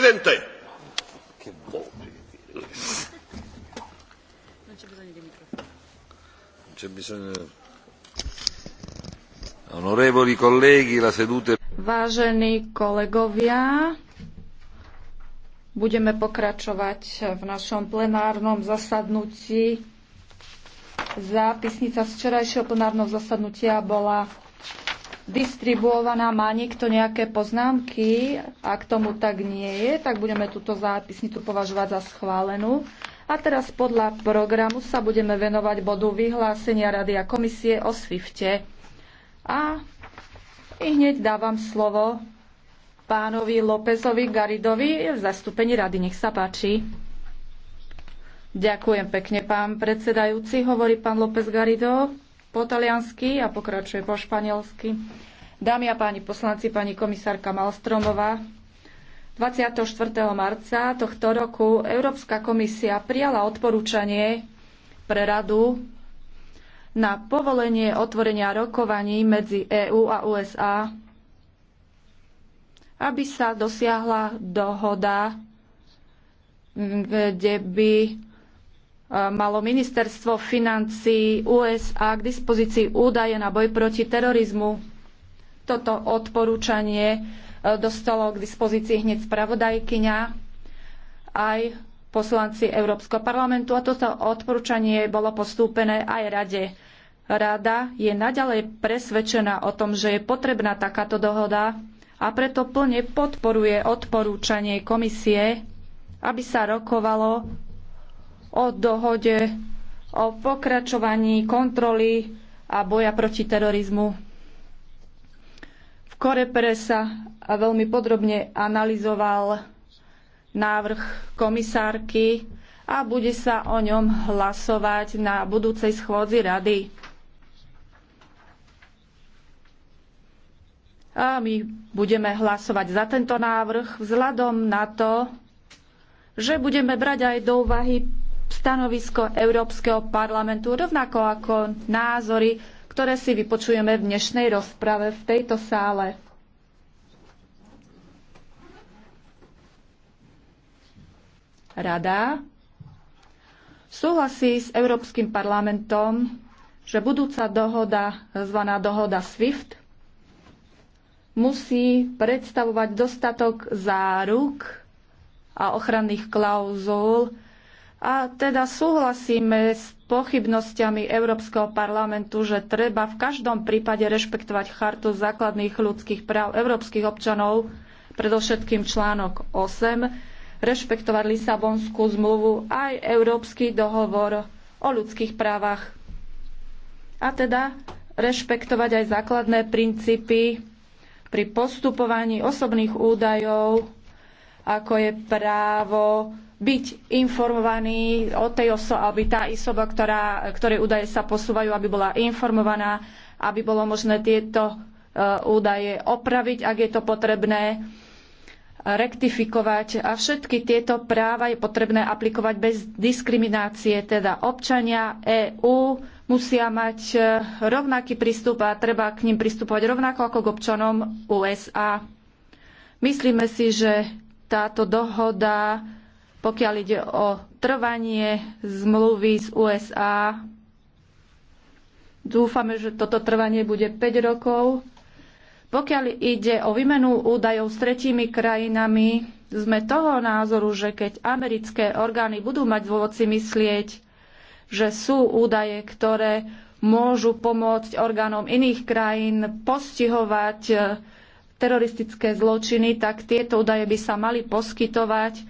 Presidente. Che Non c'è bisogno di microfono. Non c'è bisogno. Onorevoli colleghi, la seduta... Vážení kolegovia, budeme pokračovať v našom plenárnom zasadnutí. Zápisnica z včerajšieho plenárneho zasadnutia bola distribuovaná. Má niekto nejaké poznámky? Ak tomu tak nie je, tak budeme túto zápisnicu považovať za schválenú. A teraz podľa programu sa budeme venovať bodu vyhlásenia Rady a komisie o Swifte. A i hneď dávam slovo pánovi Lópezovi Garidovi v zastúpení rady. Nech sa páči. Ďakujem pekne, pán predsedajúci, hovorí pán López Garido po taliansky a pokračuje po španielsky. Dámy a páni poslanci, pani komisárka Malstromová, 24. marca tohto roku Európska komisia prijala odporúčanie pre radu na povolenie otvorenia rokovaní medzi EÚ a USA, aby sa dosiahla dohoda, kde by E, malo ministerstvo financí USA k dispozícii údaje na boj proti terorizmu. Toto odporúčanie e, dostalo k dispozícii hneď spravodajkyňa aj poslanci Európskeho parlamentu a toto odporúčanie bolo postúpené aj rade. Rada je naďalej presvedčená o tom, že je potrebná takáto dohoda a preto plne podporuje odporúčanie komisie, aby sa rokovalo o dohode o pokračovaní kontroly a boja proti terorizmu. V Korepere sa veľmi podrobne analyzoval návrh komisárky a bude sa o ňom hlasovať na budúcej schôdzi rady. A my budeme hlasovať za tento návrh vzhľadom na to, že budeme brať aj do úvahy stanovisko Európskeho parlamentu, rovnako ako názory, ktoré si vypočujeme v dnešnej rozprave v tejto sále. Rada súhlasí s Európskym parlamentom, že budúca dohoda, zvaná dohoda SWIFT, musí predstavovať dostatok záruk a ochranných klauzul a teda súhlasíme s pochybnosťami Európskeho parlamentu, že treba v každom prípade rešpektovať chartu základných ľudských práv európskych občanov, predovšetkým článok 8, rešpektovať Lisabonskú zmluvu aj Európsky dohovor o ľudských právach. A teda rešpektovať aj základné princípy pri postupovaní osobných údajov, ako je právo byť informovaní o tej osobe, aby tá osoba, ktorá, ktorej údaje sa posúvajú, aby bola informovaná, aby bolo možné tieto e, údaje opraviť, ak je to potrebné, rektifikovať. A všetky tieto práva je potrebné aplikovať bez diskriminácie. Teda občania EÚ musia mať e, rovnaký prístup a treba k ním pristupovať rovnako ako k občanom USA. Myslíme si, že táto dohoda pokiaľ ide o trvanie zmluvy z USA. Dúfame, že toto trvanie bude 5 rokov. Pokiaľ ide o výmenu údajov s tretími krajinami, sme toho názoru, že keď americké orgány budú mať dôvod si myslieť, že sú údaje, ktoré môžu pomôcť orgánom iných krajín postihovať teroristické zločiny, tak tieto údaje by sa mali poskytovať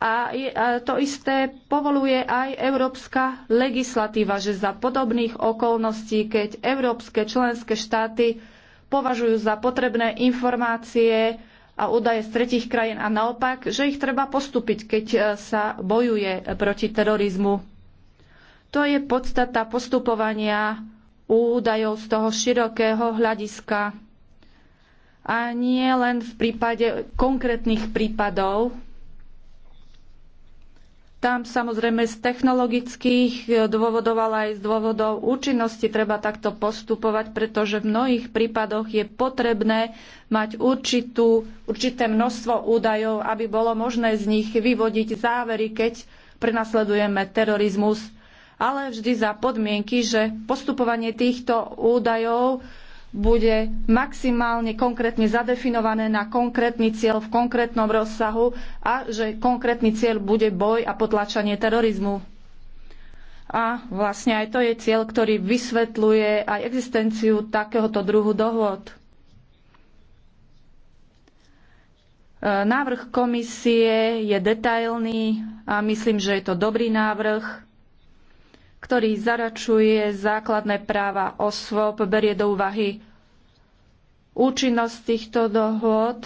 a, to isté povoluje aj európska legislatíva, že za podobných okolností, keď európske členské štáty považujú za potrebné informácie a údaje z tretich krajín a naopak, že ich treba postúpiť, keď e, sa bojuje proti terorizmu. To je podstata postupovania údajov z toho širokého hľadiska a nie len v prípade konkrétnych prípadov, tam samozrejme z technologických e, dôvodov, ale aj z dôvodov účinnosti treba takto postupovať, pretože v mnohých prípadoch je potrebné mať určitú, určité množstvo údajov, aby bolo možné z nich vyvodiť závery, keď prenasledujeme terorizmus ale vždy za podmienky, že postupovanie týchto údajov bude maximálne konkrétne zadefinované na konkrétny cieľ v konkrétnom rozsahu a že konkrétny cieľ bude boj a potlačanie terorizmu. A vlastne aj to je cieľ, ktorý vysvetľuje aj existenciu takéhoto druhu dohôd. E, návrh komisie je detailný a myslím, že je to dobrý návrh ktorý zaračuje základné práva osôb, berie do úvahy účinnosť týchto dohôd.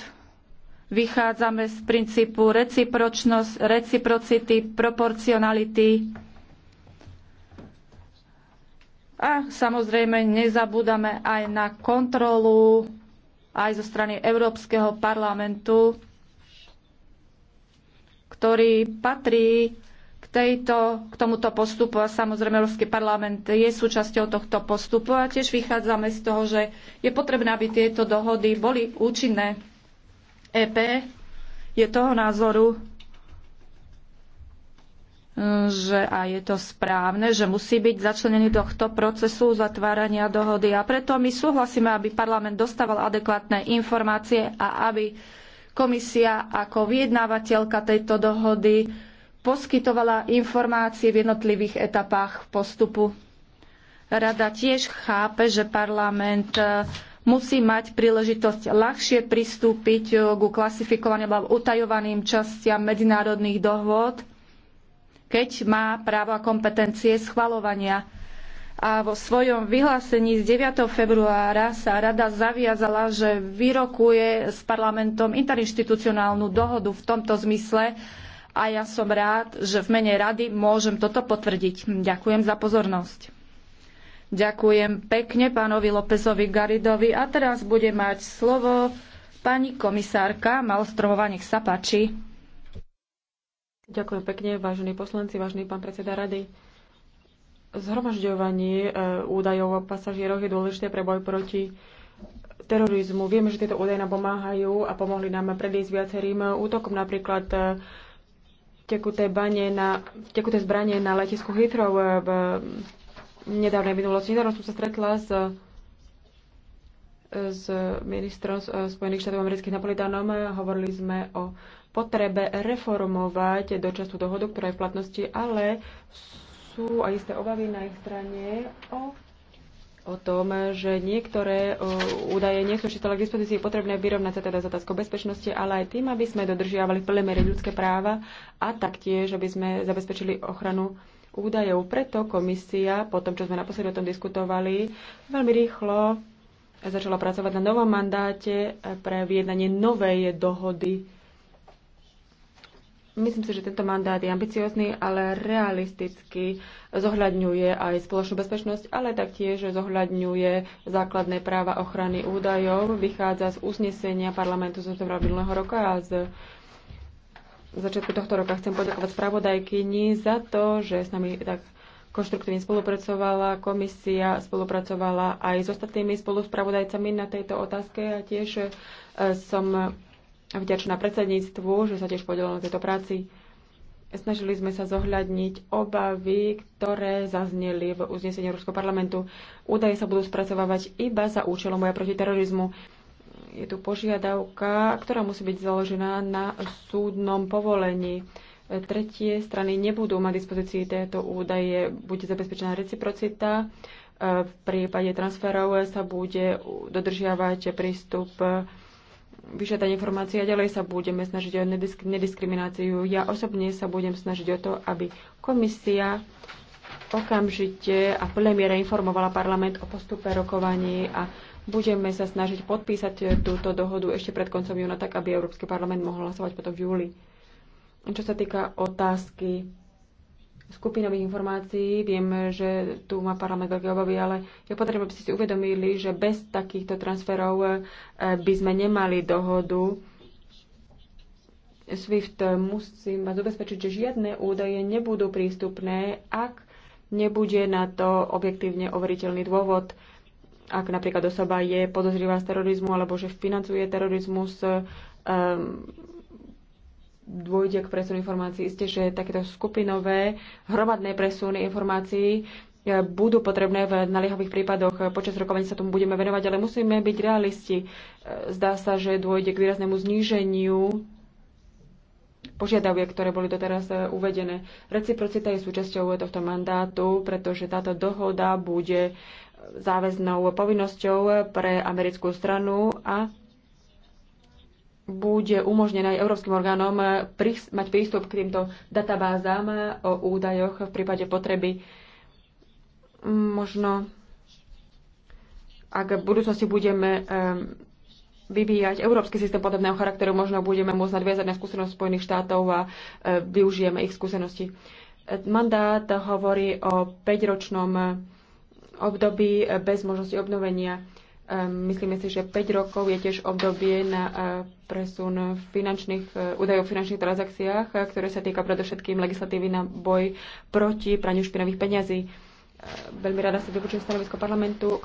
Vychádzame z princípu reciprocity, proporcionality a samozrejme nezabúdame aj na kontrolu aj zo strany Európskeho parlamentu, ktorý patrí k, tejto, k tomuto postupu a samozrejme Európsky parlament je súčasťou tohto postupu a tiež vychádzame z toho, že je potrebné, aby tieto dohody boli účinné. EP je toho názoru, že a je to správne, že musí byť začlenený tohto procesu zatvárania dohody. A preto my súhlasíme, aby parlament dostával adekvátne informácie a aby komisia ako vyjednávateľka tejto dohody poskytovala informácie v jednotlivých etapách postupu. Rada tiež chápe, že parlament e, musí mať príležitosť ľahšie pristúpiť e, ku klasifikovaným alebo utajovaným častiam medzinárodných dohôd, keď má právo a kompetencie schvalovania. A vo svojom vyhlásení z 9. februára sa rada zaviazala, že vyrokuje s parlamentom interinštitucionálnu dohodu v tomto zmysle, a ja som rád, že v mene rady môžem toto potvrdiť. Ďakujem za pozornosť. Ďakujem pekne pánovi Lópezovi Garidovi a teraz bude mať slovo pani komisárka Malstromová, nech sa páči. Ďakujem pekne, vážení poslanci, vážený pán predseda rady. Zhromažďovanie e, údajov o pasažieroch je dôležité pre boj proti terorizmu. Vieme, že tieto údaje nám pomáhajú a pomohli nám predísť viacerým útokom, napríklad e, tekuté, bane na, tekuté zbranie na letisku Heathrow v nedávnej minulosti. Nedávno som sa stretla s s ministrom eh, Spojených štátov amerických Napolitánom. Hovorili sme o potrebe reformovať dočasnú dohodu, ktorá je v platnosti, ale sú aj isté obavy na ich strane o o tom, že niektoré e, údaje nie sú čítale k dispozícii potrebné vyrovnať sa teda s otázkou bezpečnosti, ale aj tým, aby sme dodržiavali v plnej miere ľudské práva a taktiež, aby sme zabezpečili ochranu údajov. Preto komisia, po tom, čo sme naposledy o tom diskutovali, veľmi rýchlo začala pracovať na novom mandáte pre vyjednanie novej dohody Myslím si, že tento mandát je ambiciózny, ale realisticky zohľadňuje aj spoločnú bezpečnosť, ale taktiež zohľadňuje základné práva ochrany údajov. Vychádza z uznesenia parlamentu z minulého roka a z začiatku tohto roka chcem poďakovať spravodajkyni za to, že s nami tak konštruktívne spolupracovala, komisia spolupracovala aj s ostatnými spoluspravodajcami na tejto otázke a tiež eh, som vďačná predsedníctvu, že sa tiež podelilo na tejto práci. Snažili sme sa zohľadniť obavy, ktoré zazneli v uznesení Európskeho parlamentu. Údaje sa budú spracovávať iba za účelom boja proti terorizmu. Je tu požiadavka, ktorá musí byť založená na súdnom povolení. Tretie strany nebudú mať dispozícii tieto údaje, bude zabezpečená reciprocita. V prípade transferov sa bude dodržiavať prístup vyžiadať informácie a ďalej sa budeme snažiť o nedisk- nediskrimináciu. Ja osobne sa budem snažiť o to, aby komisia okamžite a plne miere informovala parlament o postupe rokovaní a budeme sa snažiť podpísať túto dohodu ešte pred koncom júna, tak aby Európsky parlament mohol hlasovať potom v júli. Čo sa týka otázky skupinových informácií. Viem, že tu má parlament veľké obavy, ale je potrebné, aby ste si uvedomili, že bez takýchto transferov eh, by sme nemali dohodu. SWIFT musím vás ubezpečiť, že žiadne údaje nebudú prístupné, ak nebude na to objektívne overiteľný dôvod. Ak napríklad osoba je podozrivá z terorizmu alebo že financuje terorizmus, um, dôjde k presunu informácií. Isté, že takéto skupinové hromadné presuny informácií e, budú potrebné v naliehavých prípadoch. Počas rokovania sa tomu budeme venovať, ale musíme byť realisti. E, zdá sa, že dôjde k výraznému zníženiu požiadavie, ktoré boli doteraz e, uvedené. Reciprocita je súčasťou tohto mandátu, pretože táto dohoda bude záväznou povinnosťou pre americkú stranu a bude umožnené aj európskym orgánom eh, mať prístup k týmto databázám eh, o údajoch v prípade potreby. Možno, ak v budúcnosti budeme eh, vyvíjať európsky systém podobného charakteru, možno budeme môcť nadviazať na skúsenosť Spojených štátov a využijeme ich skúsenosti. Mandát hovorí o 5-ročnom období bez možnosti obnovenia Myslíme si, že 5 rokov je tiež obdobie na presun finančných, e, údajov v finančných transakciách, ktoré sa týka predovšetkým legislatívy na boj proti praniu špinavých peňazí. Veľmi rada si vypočujem stanovisko parlamentu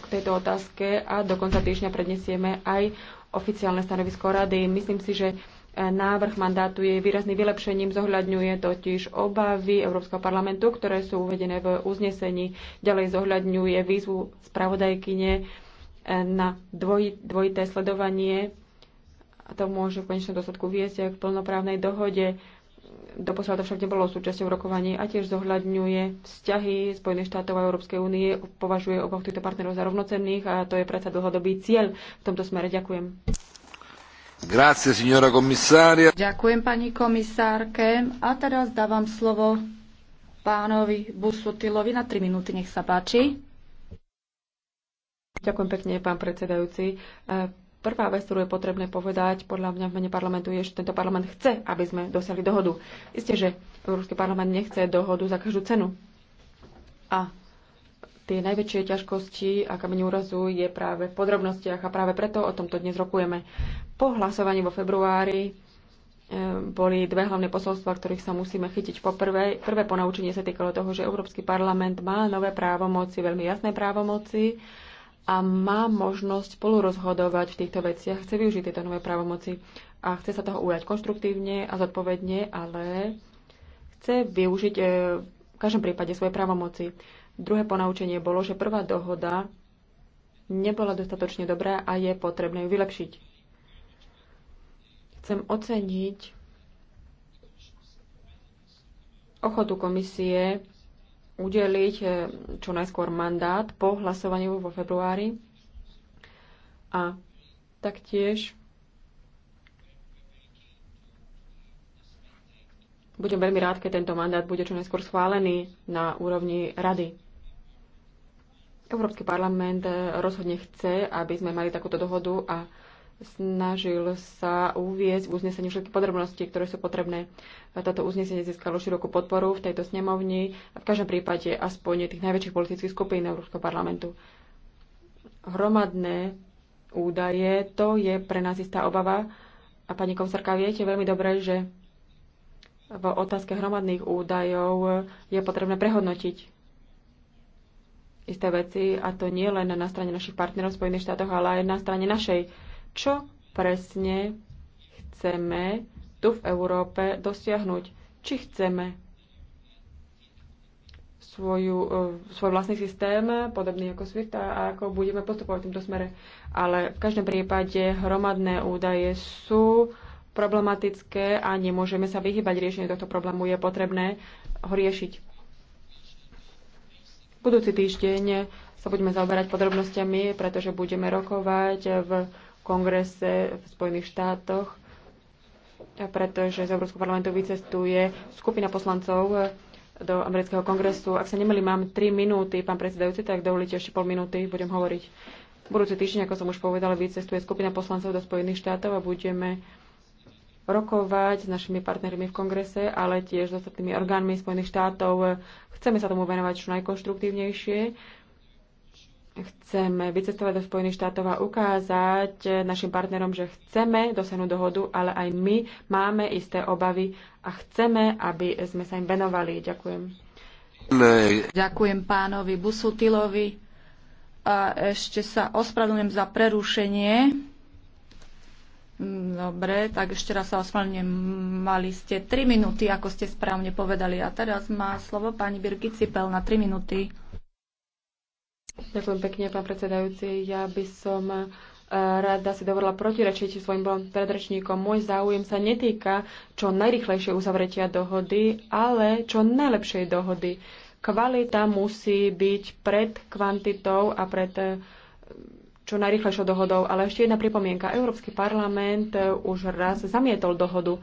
k tejto otázke a do konca týždňa prednesieme aj oficiálne stanovisko rady. Myslím si, že e, návrh mandátu je výrazným vylepšením, zohľadňuje totiž obavy Európskeho parlamentu, ktoré sú uvedené v uznesení. Ďalej zohľadňuje výzvu spravodajkyne na dvoj, dvojité sledovanie a to môže v konečnom dôsledku viesť k plnoprávnej dohode. Doposiaľ to však nebolo súčasťou rokovaní a tiež zohľadňuje vzťahy Spojených štátov a Európskej únie, považuje oboch týchto partnerov za rovnocenných a to je predsa dlhodobý cieľ. V tomto smere ďakujem. Grazie, signora komisária. Ďakujem pani komisárke. A teraz dávam slovo pánovi Busutilovi na 3 minúty, nech sa páči. Ďakujem pekne, pán predsedajúci. E, prvá vec, ktorú je potrebné povedať, podľa mňa v mene parlamentu, je, že tento parlament chce, aby sme dosiahli dohodu. Isté, že Európsky parlament nechce dohodu za každú cenu. A tie najväčšie ťažkosti a kameň úrazu je práve v podrobnostiach a práve preto o tomto dnes rokujeme. Po hlasovaní vo februári e, boli dve hlavné posolstva, ktorých sa musíme chytiť. Po prvé, prvé ponaučenie sa týkalo toho, že Európsky parlament má nové právomoci, veľmi jasné právomoci, a má možnosť spolurozhodovať v týchto veciach, chce využiť tieto nové právomoci a chce sa toho ujať konštruktívne a zodpovedne, ale chce využiť e, v každom prípade svoje právomoci. Druhé ponaučenie bolo, že prvá dohoda nebola dostatočne dobrá a je potrebné ju vylepšiť. Chcem oceniť ochotu komisie udeliť e, čo najskôr mandát po hlasovaní vo februári a taktiež budem veľmi rád, keď tento mandát bude čo najskôr schválený na úrovni rady. Európsky parlament e, rozhodne chce, aby sme mali takúto dohodu a snažil sa uviezť v uznesení všetky podrobnosti, ktoré sú potrebné. Toto uznesenie získalo širokú podporu v tejto snemovni a v každom prípade aspoň tých najväčších politických skupín Európskeho parlamentu. Hromadné údaje, to je pre nás istá obava. A pani komisárka, viete veľmi dobre, že v otázke hromadných údajov je potrebné prehodnotiť isté veci a to nie len na strane našich partnerov v Spojených štátoch, ale aj na strane našej čo presne chceme tu v Európe dosiahnuť. Či chceme svoju, e, svoj vlastný systém, podobný ako SWIFT a ako budeme postupovať v tomto smere. Ale v každom prípade hromadné údaje sú problematické a nemôžeme sa vyhybať riešeniu tohto problému. Je potrebné ho riešiť. Budúci týždeň sa budeme zaoberať podrobnosťami, pretože budeme rokovať v kongrese v Spojených štátoch, pretože z Európskeho parlamentu vycestuje skupina poslancov eh, do amerického kongresu. Ak sa nemeli, mám 3 minúty, pán predsedajúci, tak dovolíte ešte pol minúty, budem hovoriť. Budúci týždeň, ako som už povedala, vycestuje skupina poslancov do Spojených štátov a budeme rokovať s našimi partnermi v kongrese, ale tiež s ostatnými orgánmi Spojených štátov. Chceme sa tomu venovať čo najkonštruktívnejšie chceme vycestovať do Spojených štátov a ukázať našim partnerom, že chceme dosiahnuť dohodu, ale aj my máme isté obavy a chceme, aby sme sa im venovali. Ďakujem. Ne. Ďakujem pánovi Busutilovi. A ešte sa ospravedlňujem za prerušenie. Dobre, tak ešte raz sa ospravedlňujem. Mali ste 3 minúty, ako ste správne povedali. A teraz má slovo pani Birgit Cipel na 3 minúty. Ďakujem pekne, pán predsedajúci. Ja by som eh, rada si dovolila protirečiť svojim predrečníkom. Môj záujem sa netýka čo najrychlejšie uzavretia dohody, ale čo najlepšej dohody. Kvalita musí byť pred kvantitou a pred eh, čo najrychlejšou dohodou. Ale ešte jedna pripomienka. Európsky parlament eh, už raz zamietol dohodu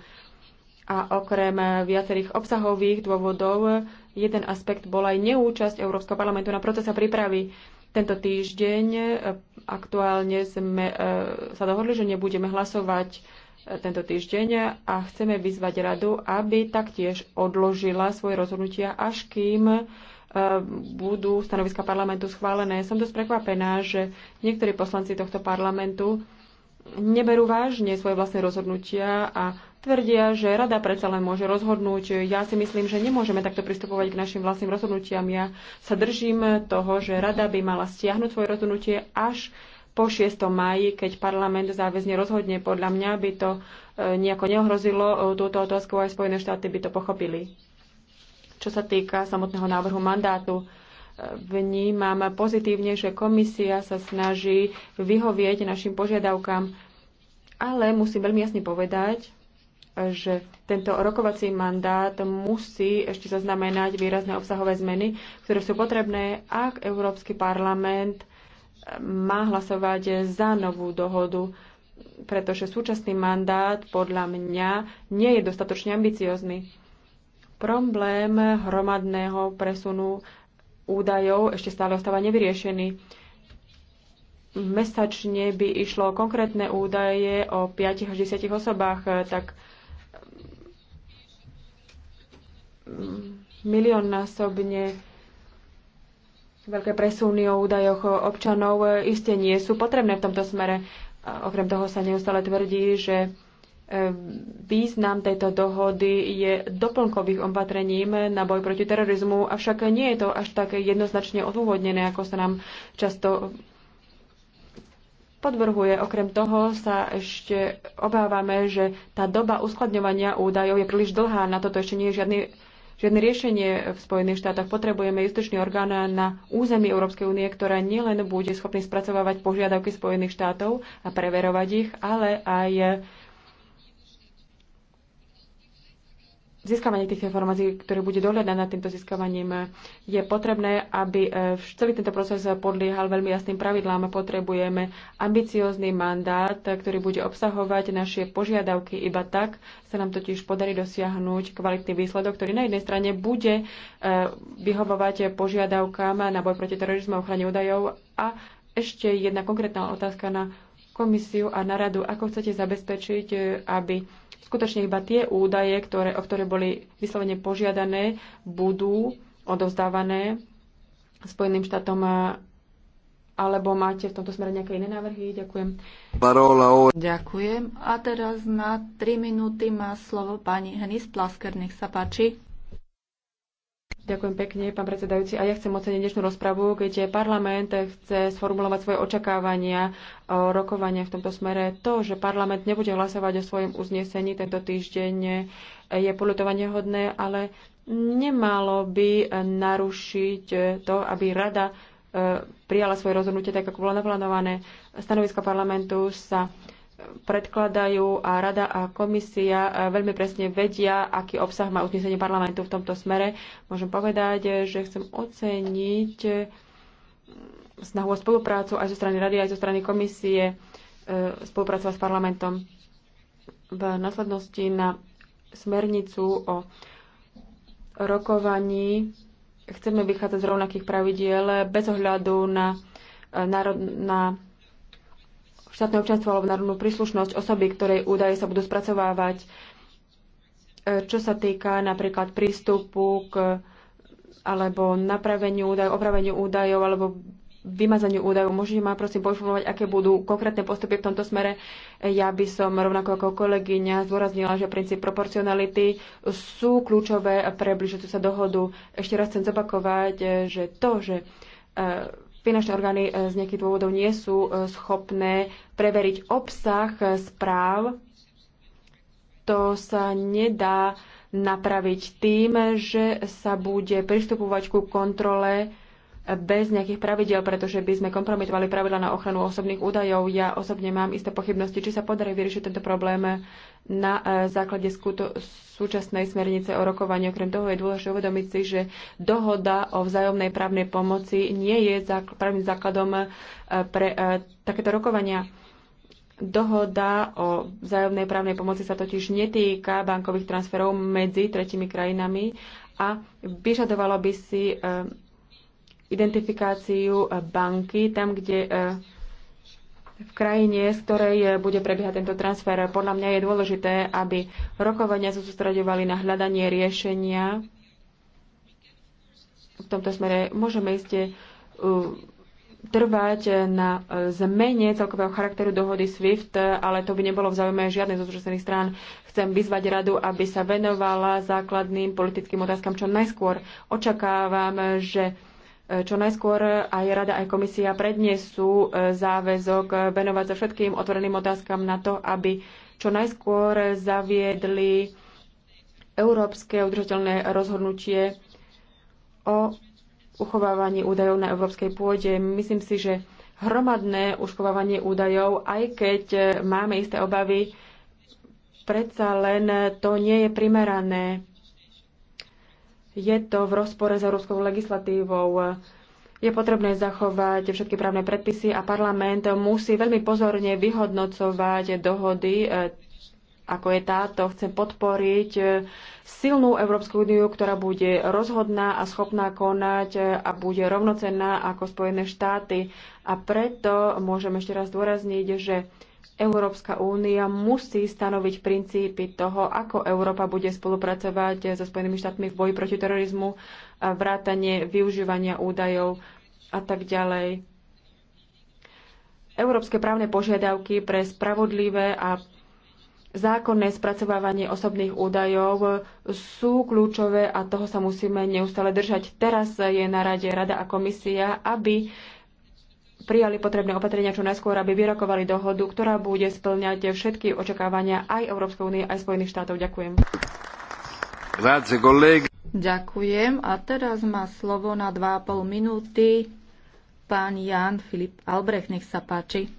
a okrem viacerých obsahových dôvodov jeden aspekt bol aj neúčasť Európskeho parlamentu na procese prípravy. Tento týždeň e, aktuálne sme e, sa dohodli, že nebudeme hlasovať e, tento týždeň a chceme vyzvať radu, aby taktiež odložila svoje rozhodnutia, až kým budú stanoviska parlamentu schválené. Som dosť prekvapená, že niektorí poslanci tohto parlamentu neberú vážne svoje vlastné rozhodnutia a tvrdia, že rada predsa len môže rozhodnúť. Ja si myslím, že nemôžeme takto pristupovať k našim vlastným rozhodnutiam. Ja sa držím toho, že rada by mala stiahnuť svoje rozhodnutie až po 6. máji, keď parlament záväzne rozhodne. Podľa mňa by to e, nejako neohrozilo e, túto otázku, aj Spojené štáty by to pochopili. Čo sa týka samotného návrhu mandátu, e, vnímam pozitívne, že komisia sa snaží vyhovieť našim požiadavkám, ale musím veľmi jasne povedať, že tento rokovací mandát musí ešte zaznamenať výrazné obsahové zmeny, ktoré sú potrebné, ak Európsky parlament eh, má hlasovať za novú dohodu, pretože súčasný mandát podľa mňa nie je dostatočne ambiciozný. Problém hromadného presunu údajov ešte stále ostáva nevyriešený mesačne by išlo konkrétne údaje o 5 až 10 osobách, tak miliónnásobne veľké presuny o údajoch občanov e, isté nie sú potrebné v tomto smere. Okrem toho sa neustále tvrdí, že e, význam tejto dohody je doplnkových opatrením na boj proti terorizmu, avšak nie je to až tak jednoznačne odôvodnené, ako sa nám často podvrhuje. Okrem toho sa ešte obávame, že tá doba uskladňovania údajov je príliš dlhá. Na toto ešte nie je žiadny žiadne riešenie v Spojených štátoch. Potrebujeme justičný orgán na území Európskej únie, ktorá nielen bude schopný spracovávať požiadavky Spojených štátov a preverovať ich, ale aj získavanie tých informácií, ktoré bude dohľadať nad týmto získavaním, je potrebné, aby e, celý tento proces podliehal veľmi jasným pravidlám. Potrebujeme ambiciózny mandát, ktorý bude obsahovať naše požiadavky. Iba tak sa nám totiž podarí dosiahnuť kvalitný výsledok, ktorý na jednej strane bude e, vyhovovať požiadavkám na boj proti terorizmu a ochrane údajov. A ešte jedna konkrétna otázka na komisiu a na radu. Ako chcete zabezpečiť, e, aby Skutočne iba tie údaje, ktoré, o ktoré boli vyslovene požiadané, budú odovzdávané Spojeným štátom alebo máte v tomto smere nejaké iné návrhy? Ďakujem. Parola. Ďakujem. A teraz na 3 minúty má slovo pani Henis Plasker. Nech sa páči. Ďakujem pekne, pán predsedajúci. A ja chcem oceniť dnešnú rozpravu, keď parlament chce sformulovať svoje očakávania o e, rokovania v tomto smere. To, že parlament nebude hlasovať o svojom uznesení tento týždeň, e, je polutovanie hodné, ale nemalo by narušiť to, aby rada e, prijala svoje rozhodnutie tak, ako bolo naplánované. Stanovisko parlamentu sa predkladajú a rada a komisia eh, veľmi presne vedia, aký obsah má uznesenie parlamentu v tomto smere. Môžem povedať, eh, že chcem oceniť eh, snahu o spoluprácu aj zo strany rady, aj zo strany komisie spolupracovať s parlamentom v následnosti na smernicu o rokovaní chceme vychádzať z rovnakých pravidiel bez ohľadu na, na, na štátne občanstvo alebo národnú príslušnosť osoby, ktorej údaje sa budú spracovávať. E, čo sa týka napríklad prístupu k alebo napraveniu údajov, opraveniu údajov alebo vymazaniu údajov. Môžete ma prosím poinformovať, aké budú konkrétne postupy v tomto smere. Ja by som rovnako ako kolegyňa zdôraznila, že princíp proporcionality sú kľúčové pre blížiacu sa dohodu. Ešte raz chcem zopakovať, e, že to, že e, finančné orgány e, z nejakých dôvodov nie sú e, schopné preveriť obsah e, správ, to sa nedá napraviť tým, že sa bude pristupovať ku kontrole bez nejakých pravidel, pretože by sme kompromitovali pravidla na ochranu osobných údajov. Ja osobne mám isté pochybnosti, či sa podarí vyriešiť tento problém na e, základe súčasnej smernice o rokovaní. Okrem toho je dôležité uvedomiť si, že dohoda o vzájomnej právnej pomoci nie je právnym základom e, pre e, takéto rokovania. Dohoda o vzájomnej právnej pomoci sa totiž netýka bankových transferov medzi tretimi krajinami a vyžadovalo by si identifikáciu eh, banky tam, kde eh, v krajine, z ktorej eh, bude prebiehať tento transfer. Podľa mňa je dôležité, aby rokovania sa sústraďovali na hľadanie riešenia. V tomto smere môžeme iste trvať na zmene celkového charakteru dohody SWIFT, ale to by nebolo v záujme žiadnej zo zúčastnených strán. Chcem vyzvať radu, aby sa venovala základným politickým otázkam čo najskôr. Očakávam, že čo najskôr aj Rada, aj komisia predniesú e, záväzok venovať sa všetkým otvoreným otázkam na to, aby čo najskôr zaviedli európske udržateľné rozhodnutie o uchovávaní údajov na európskej pôde. Myslím si, že hromadné uškovávanie údajov, aj keď e, máme isté obavy, predsa len to nie je primerané je to v rozpore s európskou legislatívou. Je potrebné zachovať všetky právne predpisy a parlament musí veľmi pozorne vyhodnocovať dohody, e, ako je táto. Chce podporiť e, silnú Európsku úniu, ktorá bude rozhodná a schopná konať e, a bude rovnocenná ako Spojené štáty. A preto môžem ešte raz dôrazniť, že Európska únia musí stanoviť princípy toho, ako Európa bude spolupracovať so Spojenými štátmi v boji proti terorizmu, vrátanie využívania údajov a tak ďalej. Európske právne požiadavky pre spravodlivé a zákonné spracovávanie osobných údajov sú kľúčové a toho sa musíme neustále držať. Teraz je na rade Rada a komisia, aby prijali potrebné opatrenia čo najskôr, aby vyrokovali dohodu, ktorá bude splňať všetky očakávania aj Európskej únie, aj Spojených štátov. Ďakujem. Ďakujem. A teraz má slovo na 2,5 minúty pán Jan Filip Albrecht. Nech sa páči.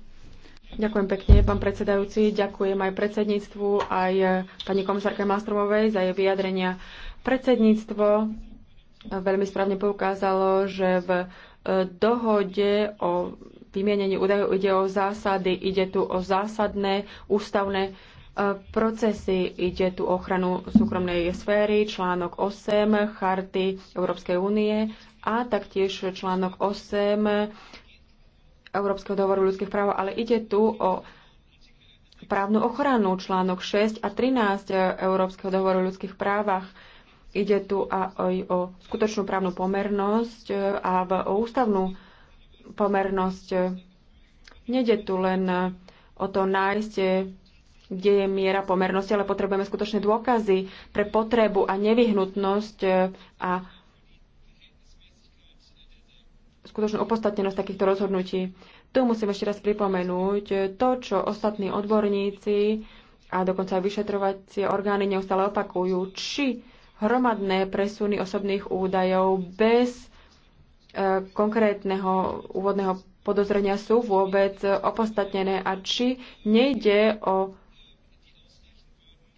Ďakujem pekne, pán predsedajúci. Ďakujem aj predsedníctvu, aj eh, pani komisárke Mastromovej za jej vyjadrenia. Predsedníctvo veľmi správne poukázalo, že v dohode o vymienení údajov ide o zásady, ide tu o zásadné ústavné e, procesy, ide tu o ochranu súkromnej sféry, článok 8 Charty Európskej únie a taktiež článok 8 Európskeho dohovoru ľudských práv, ale ide tu o právnu ochranu, článok 6 a 13 Európskeho dohovoru o ľudských právach. Ide tu aj o skutočnú právnu pomernosť e, a o ústavnú pomernosť. Nede tu len o to nájsť, e, kde je miera pomernosti, ale potrebujeme skutočné dôkazy pre potrebu a nevyhnutnosť e, a skutočnú opodstatnenosť takýchto rozhodnutí. Tu musím ešte raz pripomenúť to, čo ostatní odborníci a dokonca aj vyšetrovacie orgány neustále opakujú, či hromadné presuny osobných údajov bez e, konkrétneho úvodného podozrenia sú vôbec opodstatnené a či nejde o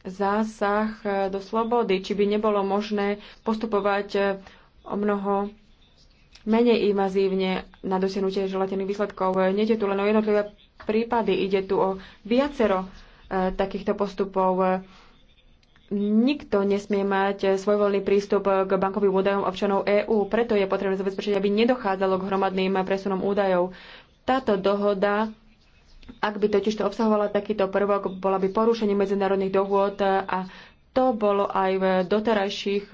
zásah e, do slobody, či by nebolo možné postupovať e, o mnoho menej invazívne na dosiahnutie želatených výsledkov. Nejde tu len o jednotlivé prípady, ide tu o viacero takýchto postupov. Nikto nesmie mať eh, svojvoľný prístup eh, k bankovým údajom občanov EÚ, preto je potrebné zabezpečiť, aby nedochádzalo k hromadným eh, presunom údajov. Táto dohoda, ak by totižto obsahovala takýto prvok, bola by porušenie medzinárodných dohôd a to bolo aj v doterajších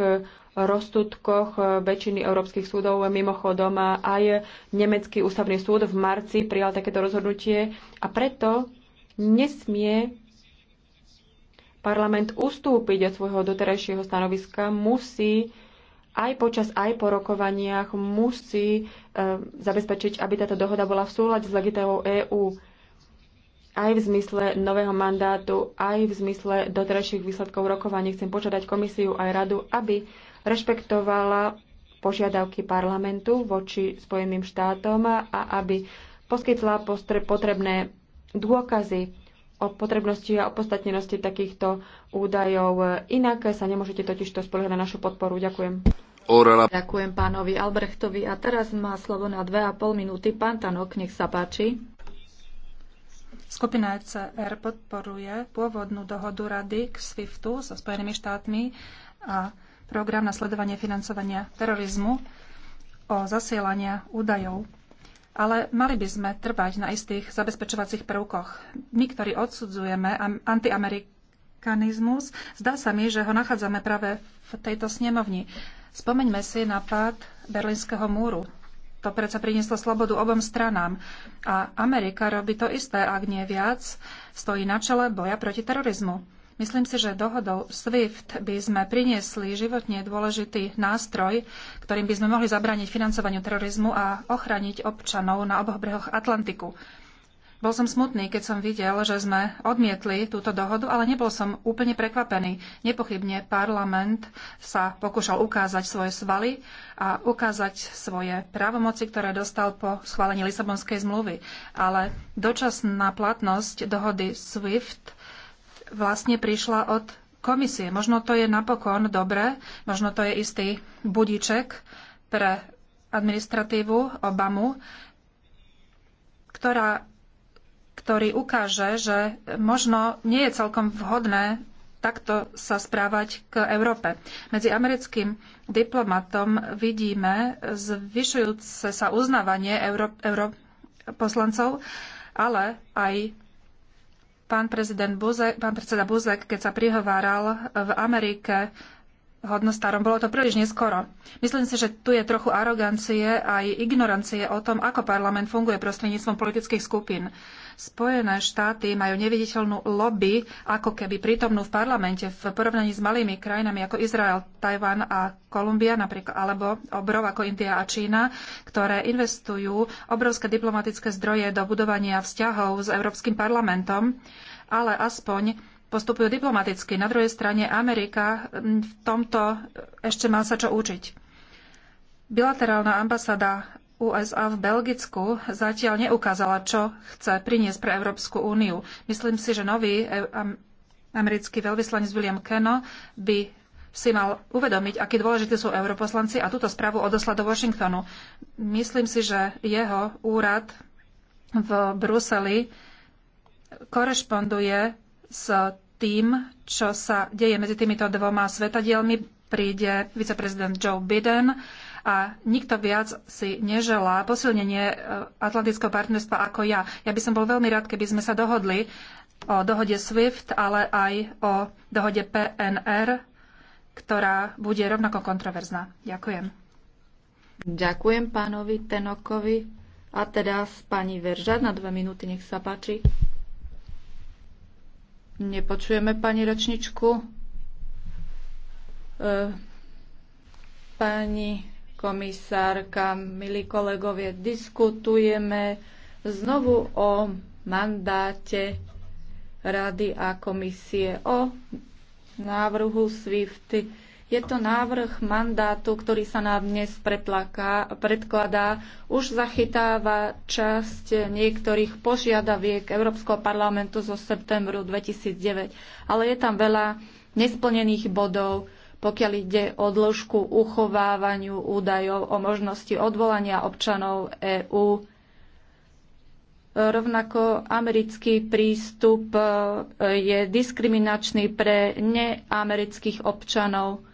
rozsudkoch väčšiny európskych súdov. Mimochodom aj Nemecký ústavný súd v marci prijal takéto rozhodnutie a preto nesmie parlament ustúpiť od svojho doterajšieho stanoviska, musí aj počas, aj po rokovaniach musí e, zabezpečiť, aby táto dohoda bola v súlade s legitívou EÚ aj v zmysle nového mandátu, aj v zmysle doterajších výsledkov rokovaní. Chcem požiadať komisiu aj radu, aby rešpektovala požiadavky parlamentu voči Spojeným štátom a aby poskytla potrebné dôkazy o potrebnosti a opodstatnenosti takýchto údajov. Inak sa nemôžete totižto spoliehať na našu podporu. Ďakujem. Orala. Ďakujem pánovi Albrechtovi. A teraz má slovo na 2,5 minúty pán Tanok. Nech sa páči. Skupina ECR podporuje pôvodnú dohodu Rady k SWIFTu so Spojenými štátmi a program na sledovanie financovania terorizmu o zasielania údajov ale mali by sme trvať na istých zabezpečovacích prvkoch. My, ktorí odsudzujeme antiamerikanizmus, zdá sa mi, že ho nachádzame práve v tejto snemovni. Spomeňme si napad Berlínskeho múru. To predsa prinieslo slobodu obom stranám. A Amerika robí to isté, ak nie viac, stojí na čele boja proti terorizmu. Myslím si, že dohodou SWIFT by sme priniesli životne dôležitý nástroj, ktorým by sme mohli zabrániť financovaniu terorizmu a ochrániť občanov na oboch brehoch Atlantiku. Bol som smutný, keď som videl, že sme odmietli túto dohodu, ale nebol som úplne prekvapený. Nepochybne parlament sa pokúšal ukázať svoje svaly a ukázať svoje právomoci, ktoré dostal po schválení Lisabonskej zmluvy. Ale dočasná platnosť dohody SWIFT vlastne prišla od komisie. Možno to je napokon dobré, možno to je istý budiček pre administratívu Obamu, ktorá, ktorý ukáže, že možno nie je celkom vhodné takto sa správať k Európe. Medzi americkým diplomatom vidíme zvyšujúce sa uznávanie europoslancov, poslancov, ale aj Pán, prezident Buzek, pán predseda Buzek, keď sa prihováral v Amerike hodnostárom, bolo to príliš neskoro. Myslím si, že tu je trochu arogancie aj ignorancie o tom, ako parlament funguje prostredníctvom politických skupín. Spojené štáty majú neviditeľnú lobby, ako keby prítomnú v parlamente v porovnaní s malými krajinami ako Izrael, Tajvan a Kolumbia, napríklad, alebo obrov ako India a Čína, ktoré investujú obrovské diplomatické zdroje do budovania vzťahov s Európskym parlamentom, ale aspoň postupujú diplomaticky. Na druhej strane Amerika v tomto ešte má sa čo učiť. Bilaterálna ambasáda USA v Belgicku zatiaľ neukázala, čo chce priniesť pre Európsku úniu. Myslím si, že nový e, americký veľvyslanec William Keno by si mal uvedomiť, akí dôležití sú europoslanci a túto správu odoslať do Washingtonu. Myslím si, že jeho úrad v Bruseli korešponduje s tým, čo sa deje medzi týmito dvoma svetadielmi. Príde viceprezident Joe Biden a nikto viac si neželá posilnenie e, Atlantického partnerstva ako ja. Ja by som bol veľmi rád, keby sme sa dohodli o dohode SWIFT, ale aj o dohode PNR, ktorá bude rovnako kontroverzná. Ďakujem. Ďakujem pánovi Tenokovi. A teda pani Verža na dve minúty, nech sa páči. Nepočujeme pani ročničku. E, pani komisárka, milí kolegovie, diskutujeme znovu o mandáte Rady a komisie o návrhu SWIFT. Je to návrh mandátu, ktorý sa nám dnes predkladá. Už zachytáva časť niektorých požiadaviek Európskeho parlamentu zo septembru 2009, ale je tam veľa nesplnených bodov pokiaľ ide o dĺžku uchovávaniu údajov o možnosti odvolania občanov EÚ. Rovnako americký prístup e, je diskriminačný pre neamerických občanov.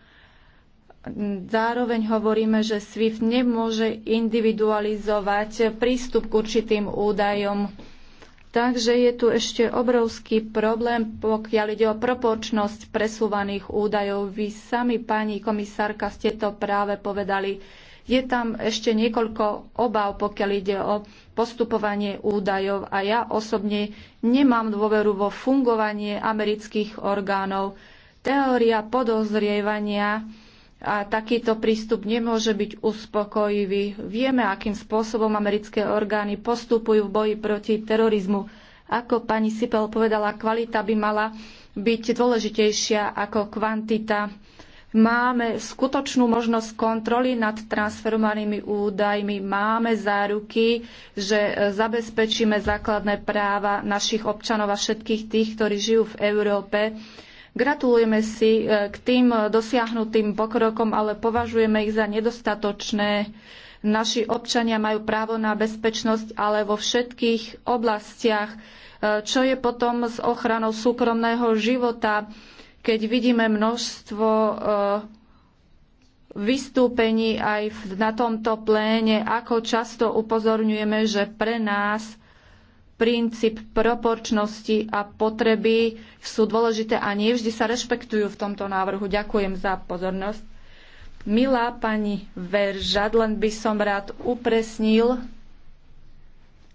Zároveň hovoríme, že SWIFT nemôže individualizovať prístup k určitým údajom Takže je tu ešte obrovský problém, pokiaľ ide o proporčnosť presúvaných údajov. Vy sami, pani komisárka, ste to práve povedali. Je tam ešte niekoľko obav, pokiaľ ide o postupovanie údajov a ja osobne nemám dôveru vo fungovanie amerických orgánov. Teória podozrievania a takýto prístup nemôže byť uspokojivý. Vieme, akým spôsobom americké orgány postupujú v boji proti terorizmu. Ako pani Sipel povedala, kvalita by mala byť dôležitejšia ako kvantita. Máme skutočnú možnosť kontroly nad transformovanými údajmi, máme záruky, že e, zabezpečíme základné práva našich občanov a všetkých tých, ktorí žijú v Európe Gratulujeme si e, k tým e, dosiahnutým pokrokom, ale považujeme ich za nedostatočné. Naši občania majú právo na bezpečnosť, ale vo všetkých oblastiach. E, čo je potom s ochranou súkromného života, keď vidíme množstvo vystúpení aj na tomto pléne, ako často upozorňujeme, že pre nás princíp proporčnosti a potreby sú dôležité a nie vždy sa rešpektujú v tomto návrhu. Ďakujem za pozornosť. Milá pani Veržad, len by som rád upresnil,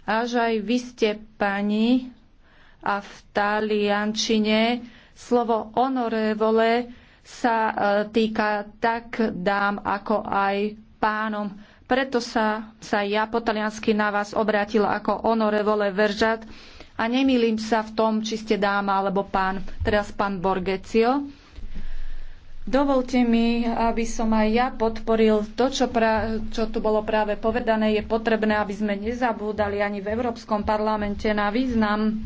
až aj vy ste pani a v taliančine slovo honorevole sa e, týka tak dám ako aj pánom preto sa, sa ja po taliansky na vás obrátila ako vole veržat a nemýlim sa v tom, či ste dáma alebo pán, teraz pán Borgecio. Dovolte mi, aby som aj ja podporil to, čo, pra, čo tu bolo práve povedané. Je potrebné, aby sme nezabúdali ani v Európskom parlamente na význam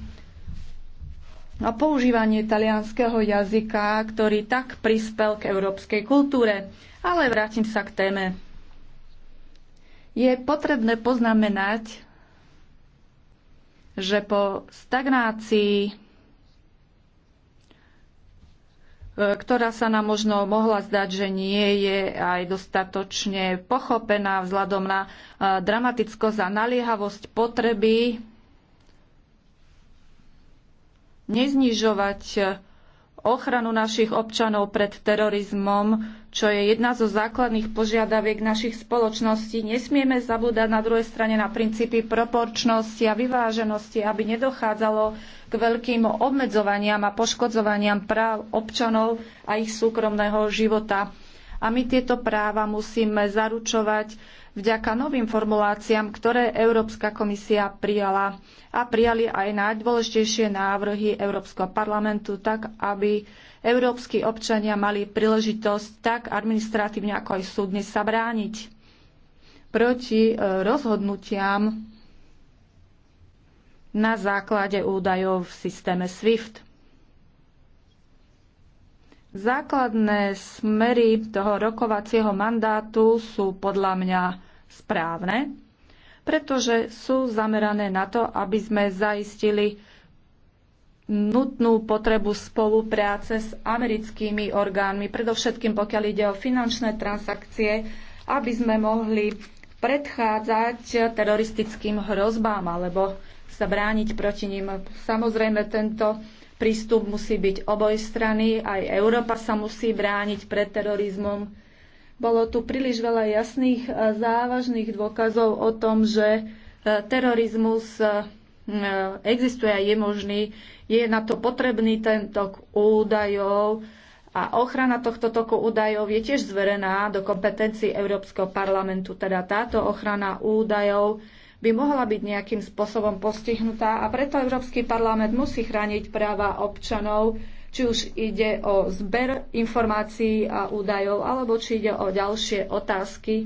a používanie talianského jazyka, ktorý tak prispel k európskej kultúre. Ale vrátim sa k téme. Je potrebné poznamenať, že po stagnácii, e, ktorá sa nám možno mohla zdať, že nie je aj dostatočne pochopená vzhľadom na e, dramatickosť a naliehavosť potreby neznižovať e, ochranu našich občanov pred terorizmom, čo je jedna zo základných požiadaviek našich spoločností. Nesmieme zabúdať na druhej strane na princípy proporčnosti a vyváženosti, aby nedochádzalo k veľkým obmedzovaniam a poškodzovaniam práv občanov a ich súkromného života. A my tieto práva musíme zaručovať vďaka novým formuláciám, ktoré Európska komisia prijala a prijali aj najdôležitejšie návrhy Európskeho parlamentu, tak aby európsky občania mali príležitosť tak administratívne ako aj súdne sa brániť proti e, rozhodnutiam na základe údajov v systéme SWIFT. Základné smery toho rokovacieho mandátu sú podľa mňa správne, pretože sú zamerané na to, aby sme zaistili nutnú potrebu spolupráce s americkými orgánmi, predovšetkým pokiaľ ide o finančné transakcie, aby sme mohli predchádzať teroristickým hrozbám alebo sa brániť proti ním. Samozrejme, tento prístup musí byť obojstranný, aj Európa sa musí brániť pred terorizmom. Bolo tu príliš veľa jasných závažných dôkazov o tom, že e, terorizmus e, Eh, existuje a je možný, je na to potrebný ten tok údajov a ochrana tohto toku údajov je tiež zverená do kompetencií Európskeho parlamentu. Teda táto ochrana údajov by mohla byť nejakým spôsobom postihnutá a preto Európsky parlament musí chrániť práva občanov, či už ide o zber informácií a údajov, alebo či ide o ďalšie otázky,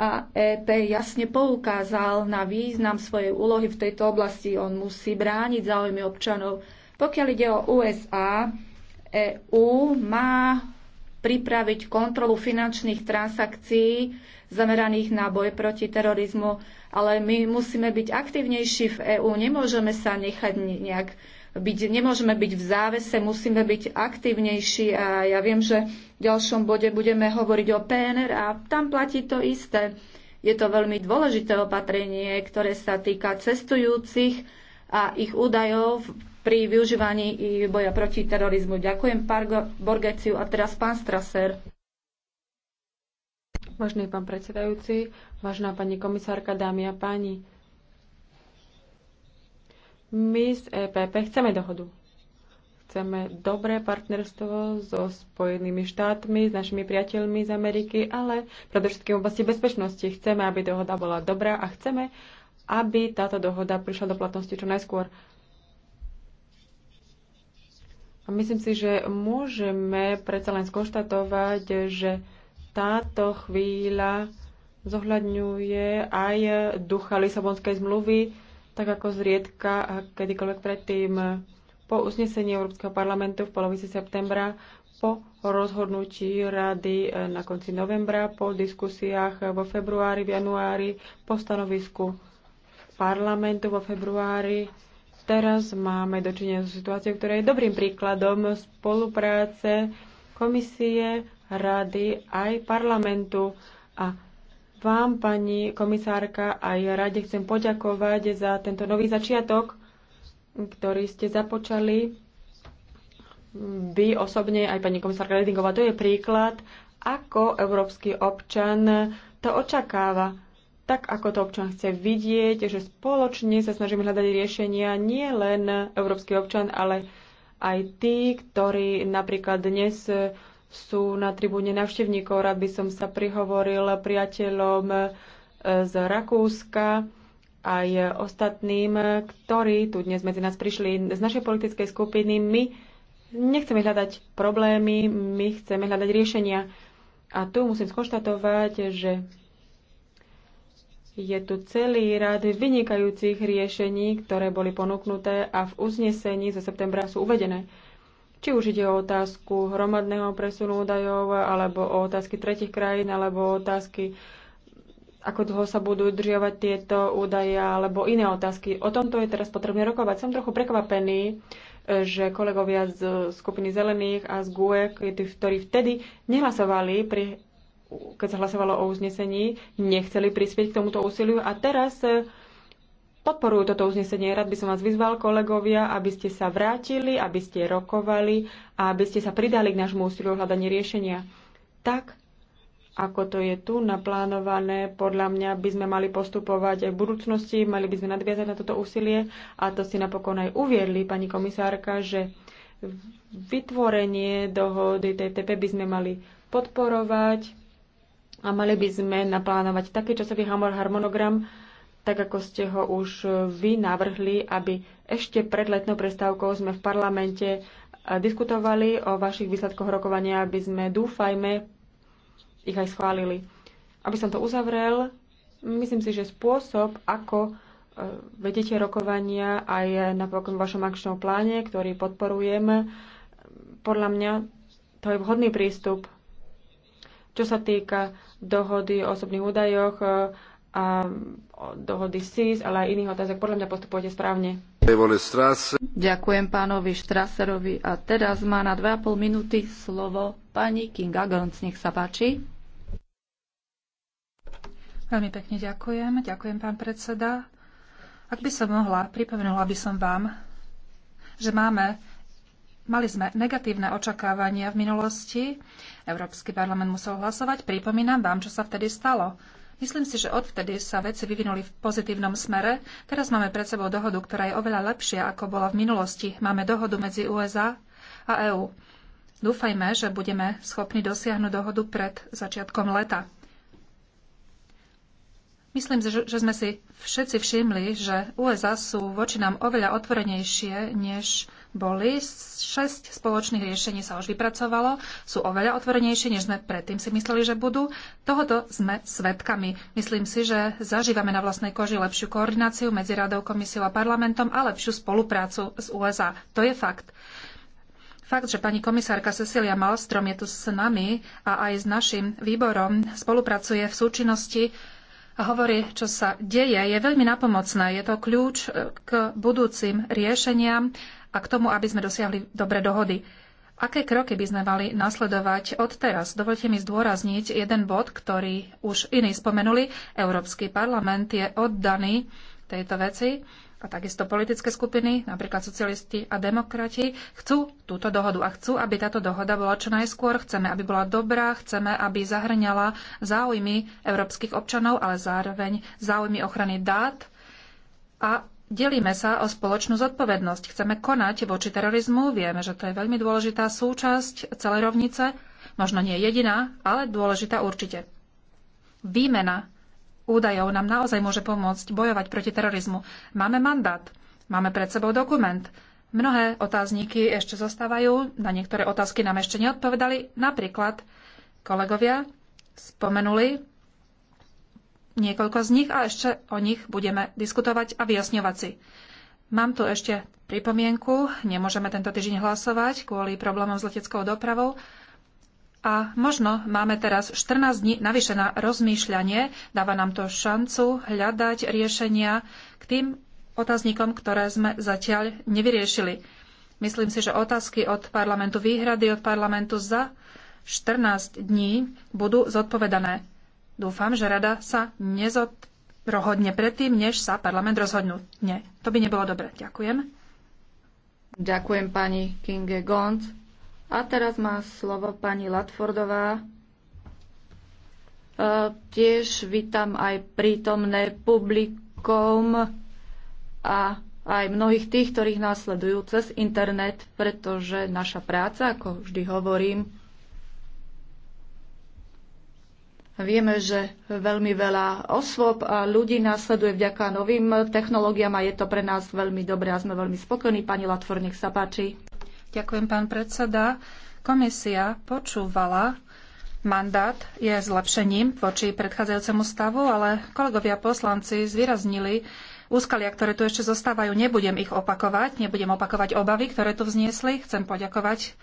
a EP jasne poukázal na význam svojej úlohy v tejto oblasti. On musí brániť záujmy občanov. Pokiaľ ide o USA, EU má pripraviť kontrolu finančných transakcií zameraných na boj proti terorizmu, ale my musíme byť aktívnejší v EÚ, nemôžeme sa nechať nejak byť, nemôžeme byť v závese, musíme byť aktívnejší a ja viem, že v ďalšom bode budeme hovoriť o PNR a tam platí to isté. Je to veľmi dôležité opatrenie, ktoré sa týka cestujúcich a ich údajov pri využívaní boja proti terorizmu. Ďakujem pán Borgeciu a teraz pán Straser. Vážený pán predsedajúci, vážená pani komisárka, dámy a páni, my z EPP chceme dohodu. Chceme dobré partnerstvo so Spojenými štátmi, s našimi priateľmi z Ameriky, ale predovšetkým v oblasti bezpečnosti. Chceme, aby dohoda bola dobrá a chceme, aby táto dohoda prišla do platnosti čo najskôr. A myslím si, že môžeme predsa len skonštatovať, že táto chvíľa zohľadňuje aj ducha Lisabonskej zmluvy, tak ako zriedka a kedykoľvek predtým. Po uznesení Európskeho parlamentu v polovici septembra, po rozhodnutí rady e, na konci novembra, po diskusiách vo februári, v januári, po stanovisku parlamentu vo februári, teraz máme dočinenia so situáciou, ktorá je dobrým príkladom spolupráce komisie, rady aj parlamentu a vám, pani komisárka, aj rade chcem poďakovať za tento nový začiatok, ktorý ste započali. Vy osobne, aj pani komisárka Redingová, to je príklad, ako európsky občan to očakáva. Tak, ako to občan chce vidieť, že spoločne sa snažíme hľadať riešenia nie len európsky občan, ale aj tí, ktorí napríklad dnes sú na tribúne navštevníkov Rád by som sa prihovoril priateľom e, z Rakúska aj ostatným, ktorí tu dnes medzi nás prišli z našej politickej skupiny. My nechceme hľadať problémy, my chceme hľadať riešenia. A tu musím skonštatovať, že je tu celý rad vynikajúcich riešení, ktoré boli ponúknuté a v uznesení zo septembra sú uvedené. Či už ide o otázku hromadného presunu údajov, alebo o otázky tretich krajín, alebo o otázky, ako dlho sa budú udržiavať tieto údaje, alebo iné otázky. O tomto je teraz potrebné rokovať. Som trochu prekvapený, že kolegovia z skupiny Zelených a z GUE, ktorí vtedy nehlasovali pri keď sa hlasovalo o uznesení, nechceli prispieť k tomuto úsiliu a teraz podporujú toto uznesenie. Rád by som vás vyzval, kolegovia, aby ste sa vrátili, aby ste rokovali a aby ste sa pridali k nášmu úsiliu hľadanie riešenia. Tak, ako to je tu naplánované, podľa mňa by sme mali postupovať aj v budúcnosti, mali by sme nadviazať na toto úsilie a to ste napokon aj uviedli, pani komisárka, že vytvorenie dohody TTP by sme mali podporovať a mali by sme naplánovať taký časový harmonogram, tak ako ste ho už e, vy navrhli, aby ešte pred letnou prestávkou sme v parlamente e, diskutovali o vašich výsledkoch rokovania, aby sme, dúfajme, ich aj schválili. Aby som to uzavrel, myslím si, že spôsob, ako e, vedete rokovania aj na vašom akčnom pláne, ktorý podporujem, podľa mňa to je vhodný prístup. Čo sa týka dohody o osobných údajoch, a dohody SIS, ale aj iných otázok. Podľa mňa postupujete správne. Ďakujem pánovi Štraserovi a teraz má na 2,5 minúty slovo pani Kinga Gons, Nech sa páči. Veľmi pekne ďakujem. Ďakujem, pán predseda. Ak by som mohla, pripomenula by som vám, že máme Mali sme negatívne očakávania v minulosti. Európsky parlament musel hlasovať. Pripomínam vám, čo sa vtedy stalo. Myslím si, že odvtedy sa veci vyvinuli v pozitívnom smere. Teraz máme pred sebou dohodu, ktorá je oveľa lepšia, ako bola v minulosti. Máme dohodu medzi USA a EÚ. Dúfajme, že budeme schopní dosiahnuť dohodu pred začiatkom leta. Myslím, že, že sme si všetci všimli, že USA sú voči nám oveľa otvorenejšie, než boli. Šesť spoločných riešení sa už vypracovalo, sú oveľa otvorenejšie, než sme predtým si mysleli, že budú. Tohoto sme svetkami. Myslím si, že zažívame na vlastnej koži lepšiu koordináciu medzi Radou, Komisiou a parlamentom a lepšiu spoluprácu s USA. To je fakt. Fakt, že pani komisárka Cecilia Malstrom je tu s nami a aj s našim výborom spolupracuje v súčinnosti a hovorí, čo sa deje, je veľmi napomocné. Je to kľúč k budúcim riešeniam a k tomu, aby sme dosiahli dobre dohody. Aké kroky by sme mali nasledovať od teraz? Dovolte mi zdôrazniť jeden bod, ktorý už iní spomenuli. Európsky parlament je oddaný tejto veci a takisto politické skupiny, napríklad socialisti a demokrati, chcú túto dohodu a chcú, aby táto dohoda bola čo najskôr. Chceme, aby bola dobrá, chceme, aby zahrňala záujmy európskych občanov, ale zároveň záujmy ochrany dát a Delíme sa o spoločnú zodpovednosť. Chceme konať voči terorizmu. Vieme, že to je veľmi dôležitá súčasť celej rovnice. Možno nie jediná, ale dôležitá určite. Výmena údajov nám naozaj môže pomôcť bojovať proti terorizmu. Máme mandát, máme pred sebou dokument. Mnohé otázniky ešte zostávajú, na niektoré otázky nám ešte neodpovedali. Napríklad kolegovia spomenuli niekoľko z nich a ešte o nich budeme diskutovať a vyjasňovať si. Mám tu ešte pripomienku. Nemôžeme tento týždeň hlasovať kvôli problémom s leteckou dopravou. A možno máme teraz 14 dní navyše na rozmýšľanie. Dáva nám to šancu hľadať riešenia k tým otáznikom, ktoré sme zatiaľ nevyriešili. Myslím si, že otázky od parlamentu, výhrady od parlamentu za 14 dní budú zodpovedané. Dúfam, že rada sa nezodprohodne predtým, než sa parlament rozhodnú. Nie, to by nebolo dobre. Ďakujem. Ďakujem pani Kinge Gond. A teraz má slovo pani Latfordová. E, tiež vítam aj prítomné publikom a aj mnohých tých, ktorých následujú cez internet, pretože naša práca, ako vždy hovorím, Vieme, že veľmi veľa osôb a ľudí následuje vďaka novým technológiám a je to pre nás veľmi dobré a sme veľmi spokojní. Pani Latvor, nech sa páči. Ďakujem, pán predseda. Komisia počúvala Mandát je zlepšením voči predchádzajúcemu stavu, ale kolegovia poslanci zvýraznili úskalia, ktoré tu ešte zostávajú. Nebudem ich opakovať, nebudem opakovať obavy, ktoré tu vzniesli. Chcem poďakovať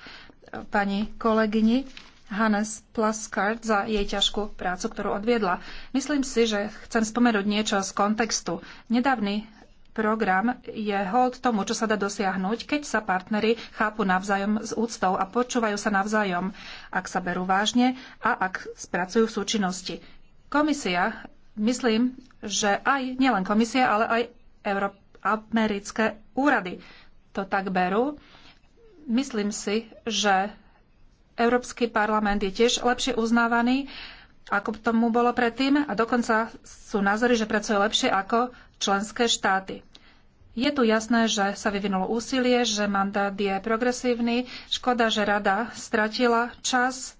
pani kolegyni Hannes Plaskart za jej ťažkú prácu, ktorú odviedla. Myslím si, že chcem spomenúť niečo z kontextu. Nedávny program je hod tomu, čo sa dá dosiahnuť, keď sa partnery chápu navzájom s úctou a počúvajú sa navzájom, ak sa berú vážne a ak spracujú v súčinnosti. Komisia, myslím, že aj nielen komisia, ale aj Euró- americké úrady to tak berú. Myslím si, že Európsky parlament je tiež lepšie uznávaný, ako tomu bolo predtým a dokonca sú názory, že pracuje lepšie ako členské štáty. Je tu jasné, že sa vyvinulo úsilie, že mandát je progresívny. Škoda, že rada stratila čas.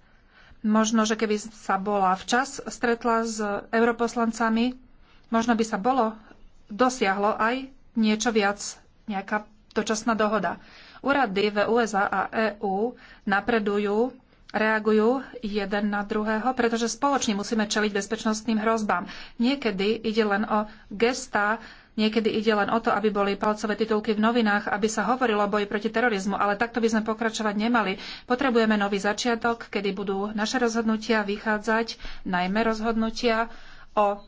Možno, že keby sa bola včas stretla s europoslancami, možno by sa bolo dosiahlo aj niečo viac, nejaká dočasná dohoda. Úrady v USA a EÚ napredujú, reagujú jeden na druhého, pretože spoločne musíme čeliť bezpečnostným hrozbám. Niekedy ide len o gestá, niekedy ide len o to, aby boli palcové titulky v novinách, aby sa hovorilo o boji proti terorizmu, ale takto by sme pokračovať nemali. Potrebujeme nový začiatok, kedy budú naše rozhodnutia vychádzať, najmä rozhodnutia o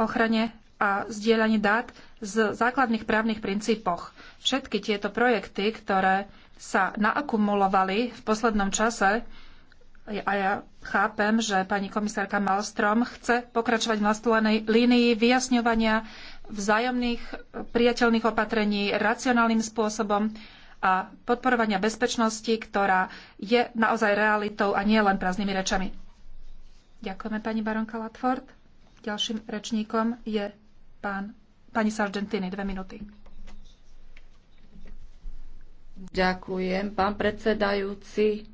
ochrane a zdieľanie dát z základných právnych princípoch. Všetky tieto projekty, ktoré sa naakumulovali v poslednom čase, a ja chápem, že pani komisárka Malstrom chce pokračovať v nastolenej línii vyjasňovania vzájomných priateľných opatrení racionálnym spôsobom a podporovania bezpečnosti, ktorá je naozaj realitou a nie len prázdnymi rečami. Ďakujeme pani baronka Latford. Ďalším rečníkom je Pán, pani Sargentini, dve minúty. Ďakujem, pán predsedajúci.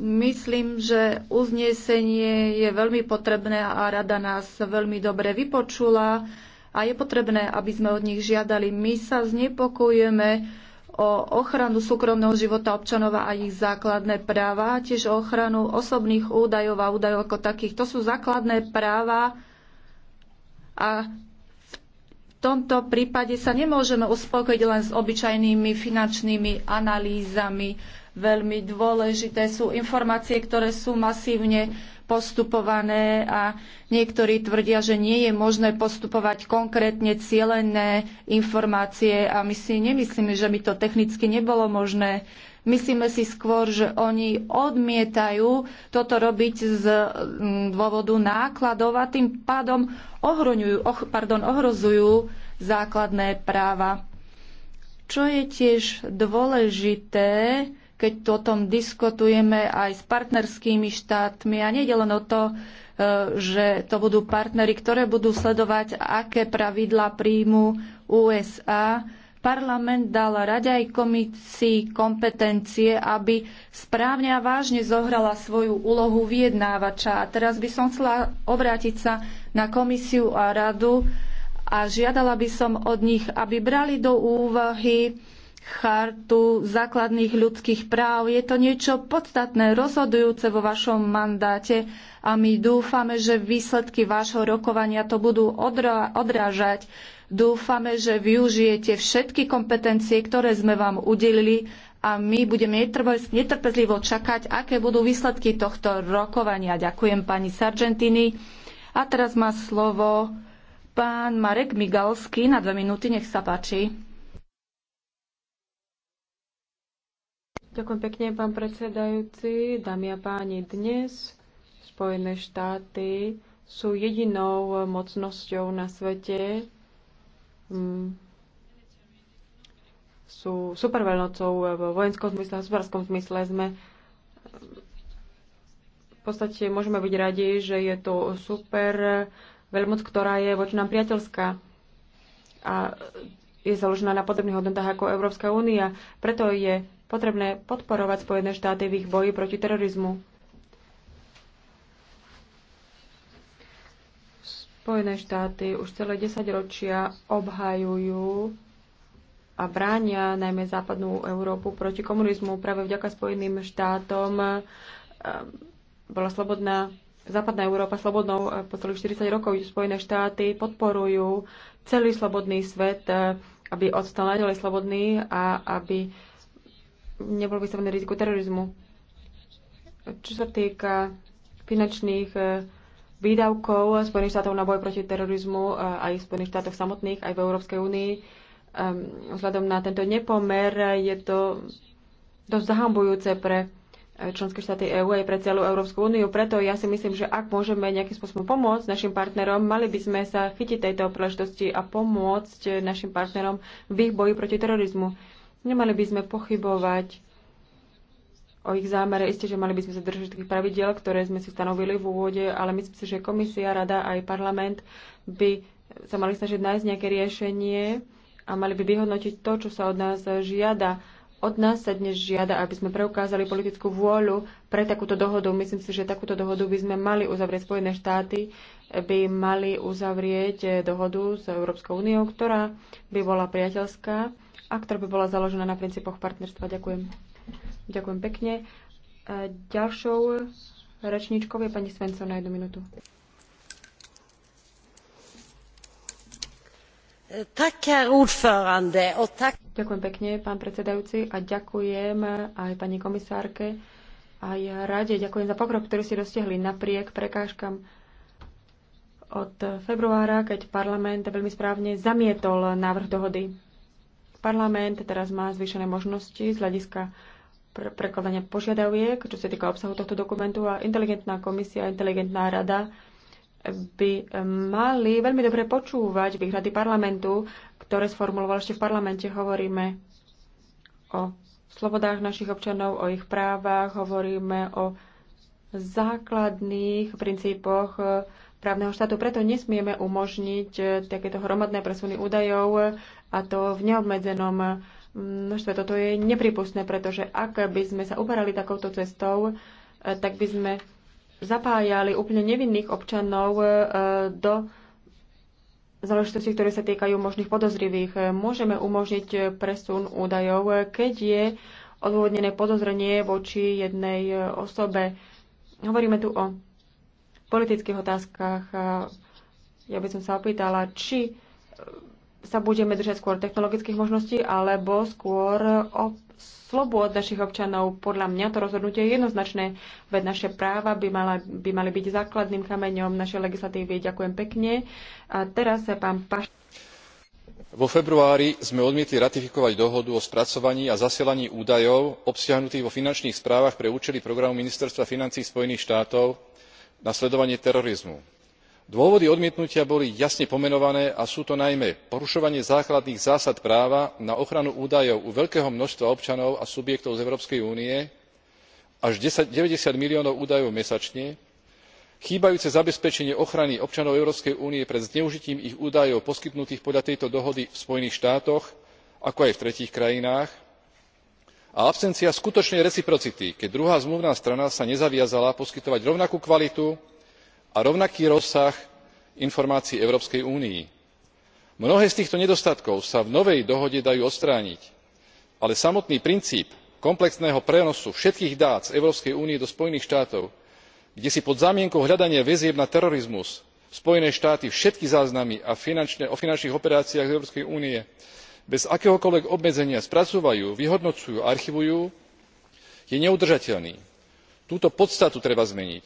Myslím, že uznesenie je veľmi potrebné a rada nás veľmi dobre vypočula a je potrebné, aby sme od nich žiadali. My sa znepokojujeme, o ochranu súkromného života občanov a ich základné práva, tiež o ochranu osobných údajov a údajov ako takých. To sú základné práva a v tomto prípade sa nemôžeme uspokojiť len s obyčajnými finančnými analýzami Veľmi dôležité sú informácie, ktoré sú masívne postupované a niektorí tvrdia, že nie je možné postupovať konkrétne cielené informácie a my si nemyslíme, že by to technicky nebolo možné. Myslíme si skôr, že oni odmietajú toto robiť z mm, dôvodu nákladov a tým pádom oh, pardon, ohrozujú základné práva. Čo je tiež dôležité, keď to o tom diskutujeme aj s partnerskými štátmi. A nejde len o to, e, že to budú partnery, ktoré budú sledovať, aké pravidlá príjmu USA. Parlament dal rade aj komisii kompetencie, aby správne a vážne zohrala svoju úlohu vyjednávača. A teraz by som chcela obrátiť sa na komisiu a radu a žiadala by som od nich, aby brali do úvahy chartu základných ľudských práv. Je to niečo podstatné, rozhodujúce vo vašom mandáte a my dúfame, že výsledky vášho rokovania to budú odrážať. Dúfame, že využijete všetky kompetencie, ktoré sme vám udelili a my budeme netrpezlivo čakať, aké budú výsledky tohto rokovania. Ďakujem pani Sargentini. A teraz má slovo pán Marek Migalsky na dve minúty. Nech sa páči. Ďakujem pekne, pán predsedajúci. Dámy a páni, dnes Spojené štáty sú jedinou mocnosťou na svete, mm. sú superveľnocou v vojenskom zmysle, v hospodárskom zmysle. Sme mm, v podstate môžeme byť radi, že je to super veľmoc, ktorá je voči nám priateľská. A je založená na podobných hodnotách ako Európska únia. Preto je potrebné podporovať Spojené štáty v ich boji proti terorizmu. Spojené štáty už celé 10 ročia obhajujú a bránia najmä západnú Európu proti komunizmu. Práve vďaka Spojeným štátom eh, bola slobodná západná Európa slobodnou eh, po celých 40 rokov. Spojené štáty podporujú celý slobodný svet, eh, aby odstal naďalej slobodný a aby nebol vystavený riziku terorizmu. Čo sa týka finančných e, výdavkov Spojených štátov na boj proti terorizmu e, aj v Spojených štátoch samotných, aj v Európskej únii, e, vzhľadom na tento nepomer je to dosť zahambujúce pre členské štáty EÚ aj pre celú Európsku úniu. Preto ja si myslím, že ak môžeme nejakým spôsobom pomôcť našim partnerom, mali by sme sa chytiť tejto príležitosti a pomôcť našim partnerom v ich boji proti terorizmu. Nemali by sme pochybovať o ich zámere. Isté, že mali by sme sa držať takých pravidiel, ktoré sme si stanovili v úvode, ale myslím si, že komisia, rada aj parlament by sa mali snažiť nájsť nejaké riešenie a mali by vyhodnotiť to, čo sa od nás žiada. Od nás sa dnes žiada, aby sme preukázali politickú vôľu pre takúto dohodu. Myslím si, že takúto dohodu by sme mali uzavrieť. Spojené štáty by mali uzavrieť dohodu s Európskou úniou, ktorá by bola priateľská a ktorá by bola založená na princípoch partnerstva. Ďakujem. Ďakujem pekne. Ďalšou rečníčkou je pani Svenco na jednu minútu. Ďakujem pekne, pán predsedajúci, a ďakujem aj pani komisárke, aj rade. Ďakujem za pokrok, ktorý ste dosiahli napriek prekážkam od februára, keď parlament veľmi správne zamietol návrh dohody Parlament teraz má zvýšené možnosti z hľadiska prekladania požiadaviek, čo sa týka obsahu tohto dokumentu a inteligentná komisia, a inteligentná rada by eh, mali veľmi dobre počúvať výhrady parlamentu, ktoré sformuloval ešte v parlamente. Hovoríme o slobodách našich občanov, o ich právach, hovoríme o základných princípoch eh, právneho štátu. Preto nesmieme umožniť eh, takéto hromadné presuny údajov a to v neobmedzenom množstve. Toto je nepripustné, pretože ak by sme sa uberali takouto cestou, e, tak by sme zapájali úplne nevinných občanov e, do záležitosti, ktoré sa týkajú možných podozrivých. Môžeme umožniť presun údajov, keď je odôvodnené podozrenie voči jednej osobe. Hovoríme tu o politických otázkach. Ja by som sa opýtala, či sa budeme držať skôr technologických možností alebo skôr o slobod našich občanov. Podľa mňa to rozhodnutie je jednoznačné, veď naše práva by, mala, by mali byť základným kameňom našej legislatívy. Ďakujem pekne. A teraz sa pán Paš... Vo februári sme odmietli ratifikovať dohodu o spracovaní a zasielaní údajov obsiahnutých vo finančných správach pre účely programu ministerstva financí spojených štátov na sledovanie terorizmu dôvody odmietnutia boli jasne pomenované a sú to najmä porušovanie základných zásad práva na ochranu údajov u veľkého množstva občanov a subjektov z európskej únie až ninety miliónov údajov mesačne chýbajúce zabezpečenie ochrany občanov európskej únie pred zneužitím ich údajov poskytnutých podľa tejto dohody v spojených štátoch ako aj v tretích krajinách a absencia skutočnej reciprocity keď druhá zmluvná strana sa nezaviazala poskytovať rovnakú kvalitu a rovnaký rozsah informácií európskej únii. mnohé z týchto nedostatkov sa v novej dohode dajú odstrániť ale samotný princíp komplexného prenosu všetkých dát z európskej únie do spojených štátov kde si pod zámienkou hľadania väzieb na terorizmus spojené štáty všetky záznamy o finančných operáciách európskej únie bez akéhokoľvek obmedzenia spracúvajú vyhodnocujú a archivujú, je neudržateľný. túto podstatu treba zmeniť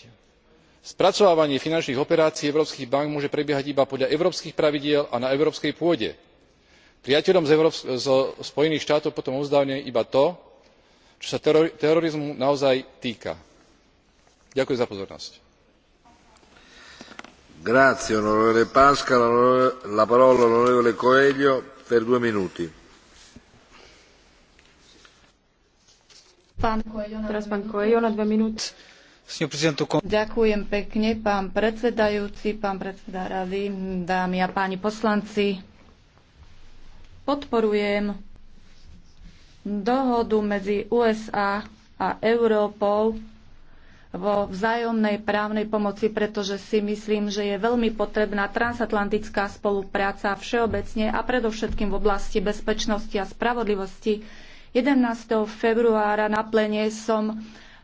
spracovávanie finančných operácií európskych bánk môže prebiehať iba podľa európskych pravidiel a na európskej pôde. priateľom zo spojených štátov potom odovzdáme iba to čo sa terorizmu naozaj týka. ďakujem za pozornosť. Ďakujem pekne, pán predsedajúci, pán predseda rady, dámy a páni poslanci. Podporujem dohodu medzi USA a Európou vo vzájomnej právnej pomoci, pretože si myslím, že je veľmi potrebná transatlantická spolupráca všeobecne a predovšetkým v oblasti bezpečnosti a spravodlivosti. 11. februára na plene som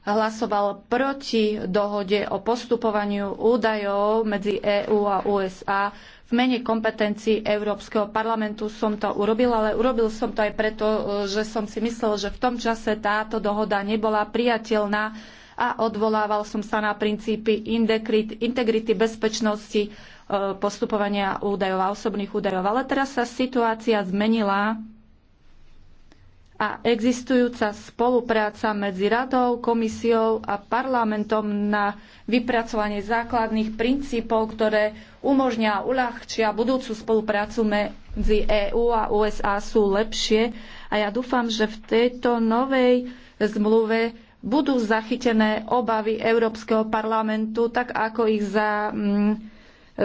hlasoval proti dohode o postupovaniu údajov medzi EÚ a USA. V mene kompetencií Európskeho parlamentu som to urobil, ale urobil som to aj preto, že som si myslel, že v tom čase táto dohoda nebola priateľná a odvolával som sa na princípy integrity, bezpečnosti, e, postupovania údajov a osobných údajov. Ale teraz sa situácia zmenila a existujúca spolupráca medzi radou, komisiou a parlamentom na vypracovanie základných princípov, ktoré umožnia a uľahčia budúcu spoluprácu medzi EÚ a USA sú lepšie a ja dúfam, že v tejto novej zmluve budú zachytené obavy Európskeho parlamentu, tak ako ich za, mm,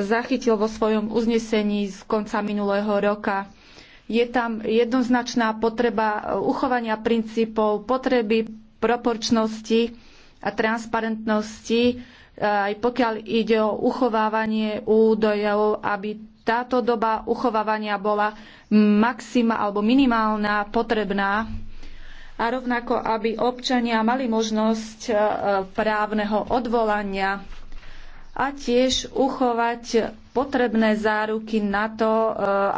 zachytil vo svojom uznesení z konca minulého roka je tam jednoznačná potreba e, uchovania princípov, potreby proporčnosti a transparentnosti, e, aj pokiaľ ide o uchovávanie údajov, aby táto doba uchovávania bola maxima alebo minimálna potrebná a rovnako, aby občania mali možnosť e, právneho odvolania a tiež uchovať potrebné záruky na to, e,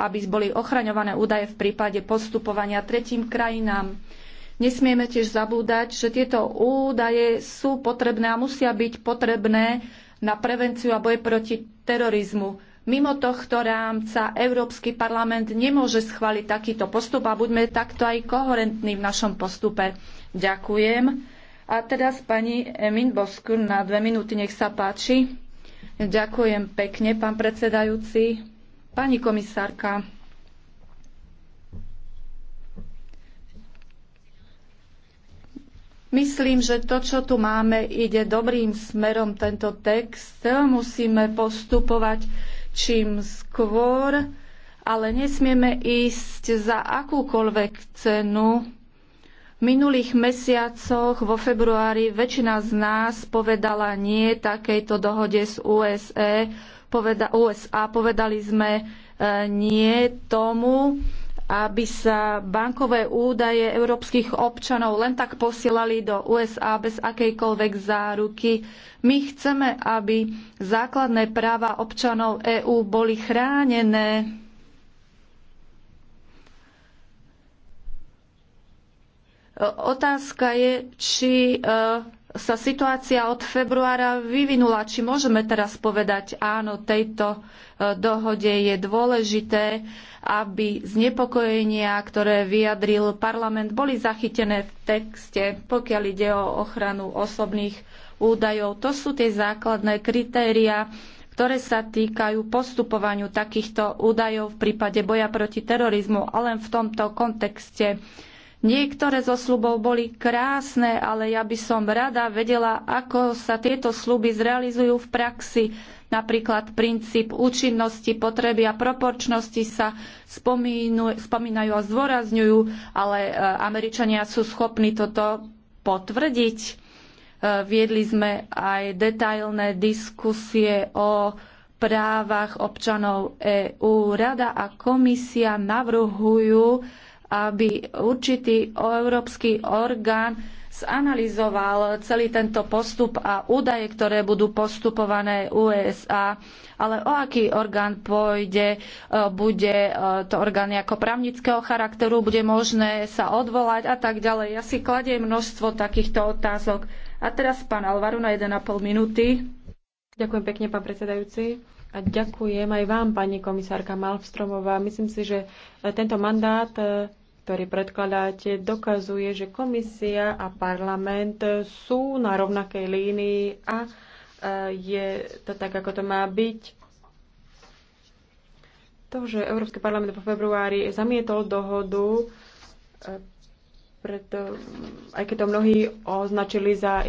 aby boli ochraňované údaje v prípade postupovania tretím krajinám. Nesmieme tiež zabúdať, že tieto údaje sú potrebné a musia byť potrebné na prevenciu a boj proti terorizmu. Mimo tohto rámca Európsky parlament nemôže schváliť takýto postup a buďme takto aj koherentní v našom postupe. Ďakujem. A teraz pani Emin Boskun na dve minúty, nech sa páči. Ďakujem pekne, pán predsedajúci. Pani komisárka, Myslím, že to, čo tu máme, ide dobrým smerom tento text. Musíme postupovať čím skôr, ale nesmieme ísť za akúkoľvek cenu minulých mesiacoch vo februári väčšina z nás povedala nie takejto dohode z USA. Poveda, USA povedali sme e, nie tomu, aby sa bankové údaje európskych občanov len tak posielali do USA bez akejkoľvek záruky. My chceme, aby základné práva občanov EÚ boli chránené Otázka je, či e, sa situácia od februára vyvinula. Či môžeme teraz povedať áno, tejto e, dohode je dôležité, aby znepokojenia, ktoré vyjadril parlament, boli zachytené v texte, pokiaľ ide o ochranu osobných údajov. To sú tie základné kritéria, ktoré sa týkajú postupovaniu takýchto údajov v prípade boja proti terorizmu. A len v tomto kontexte Niektoré zo slubov boli krásne, ale ja by som rada vedela, ako sa tieto sluby zrealizujú v praxi. Napríklad princíp účinnosti, potreby a proporčnosti sa spomínu, spomínajú a zdôrazňujú, ale e, Američania sú schopní toto potvrdiť. E, viedli sme aj detailné diskusie o právach občanov EÚ. Rada a komisia navrhujú aby určitý európsky orgán zanalizoval celý tento postup a údaje, ktoré budú postupované USA, ale o aký orgán pôjde, e, bude e, to orgán ako právnického charakteru, bude možné sa odvolať a tak ďalej. Ja si kladiem množstvo takýchto otázok. A teraz pán Alvaru na 1,5 minúty. Ďakujem pekne, pán predsedajúci. A ďakujem aj vám, pani komisárka Malvstromová. Myslím si, že e, tento mandát, e, ktorý predkladáte, dokazuje, že komisia a parlament e, sú na rovnakej línii a je to tak, ako to má byť. To, že Európsky parlament vo februári zamietol dohodu, preto, aj keď to mnohí označili za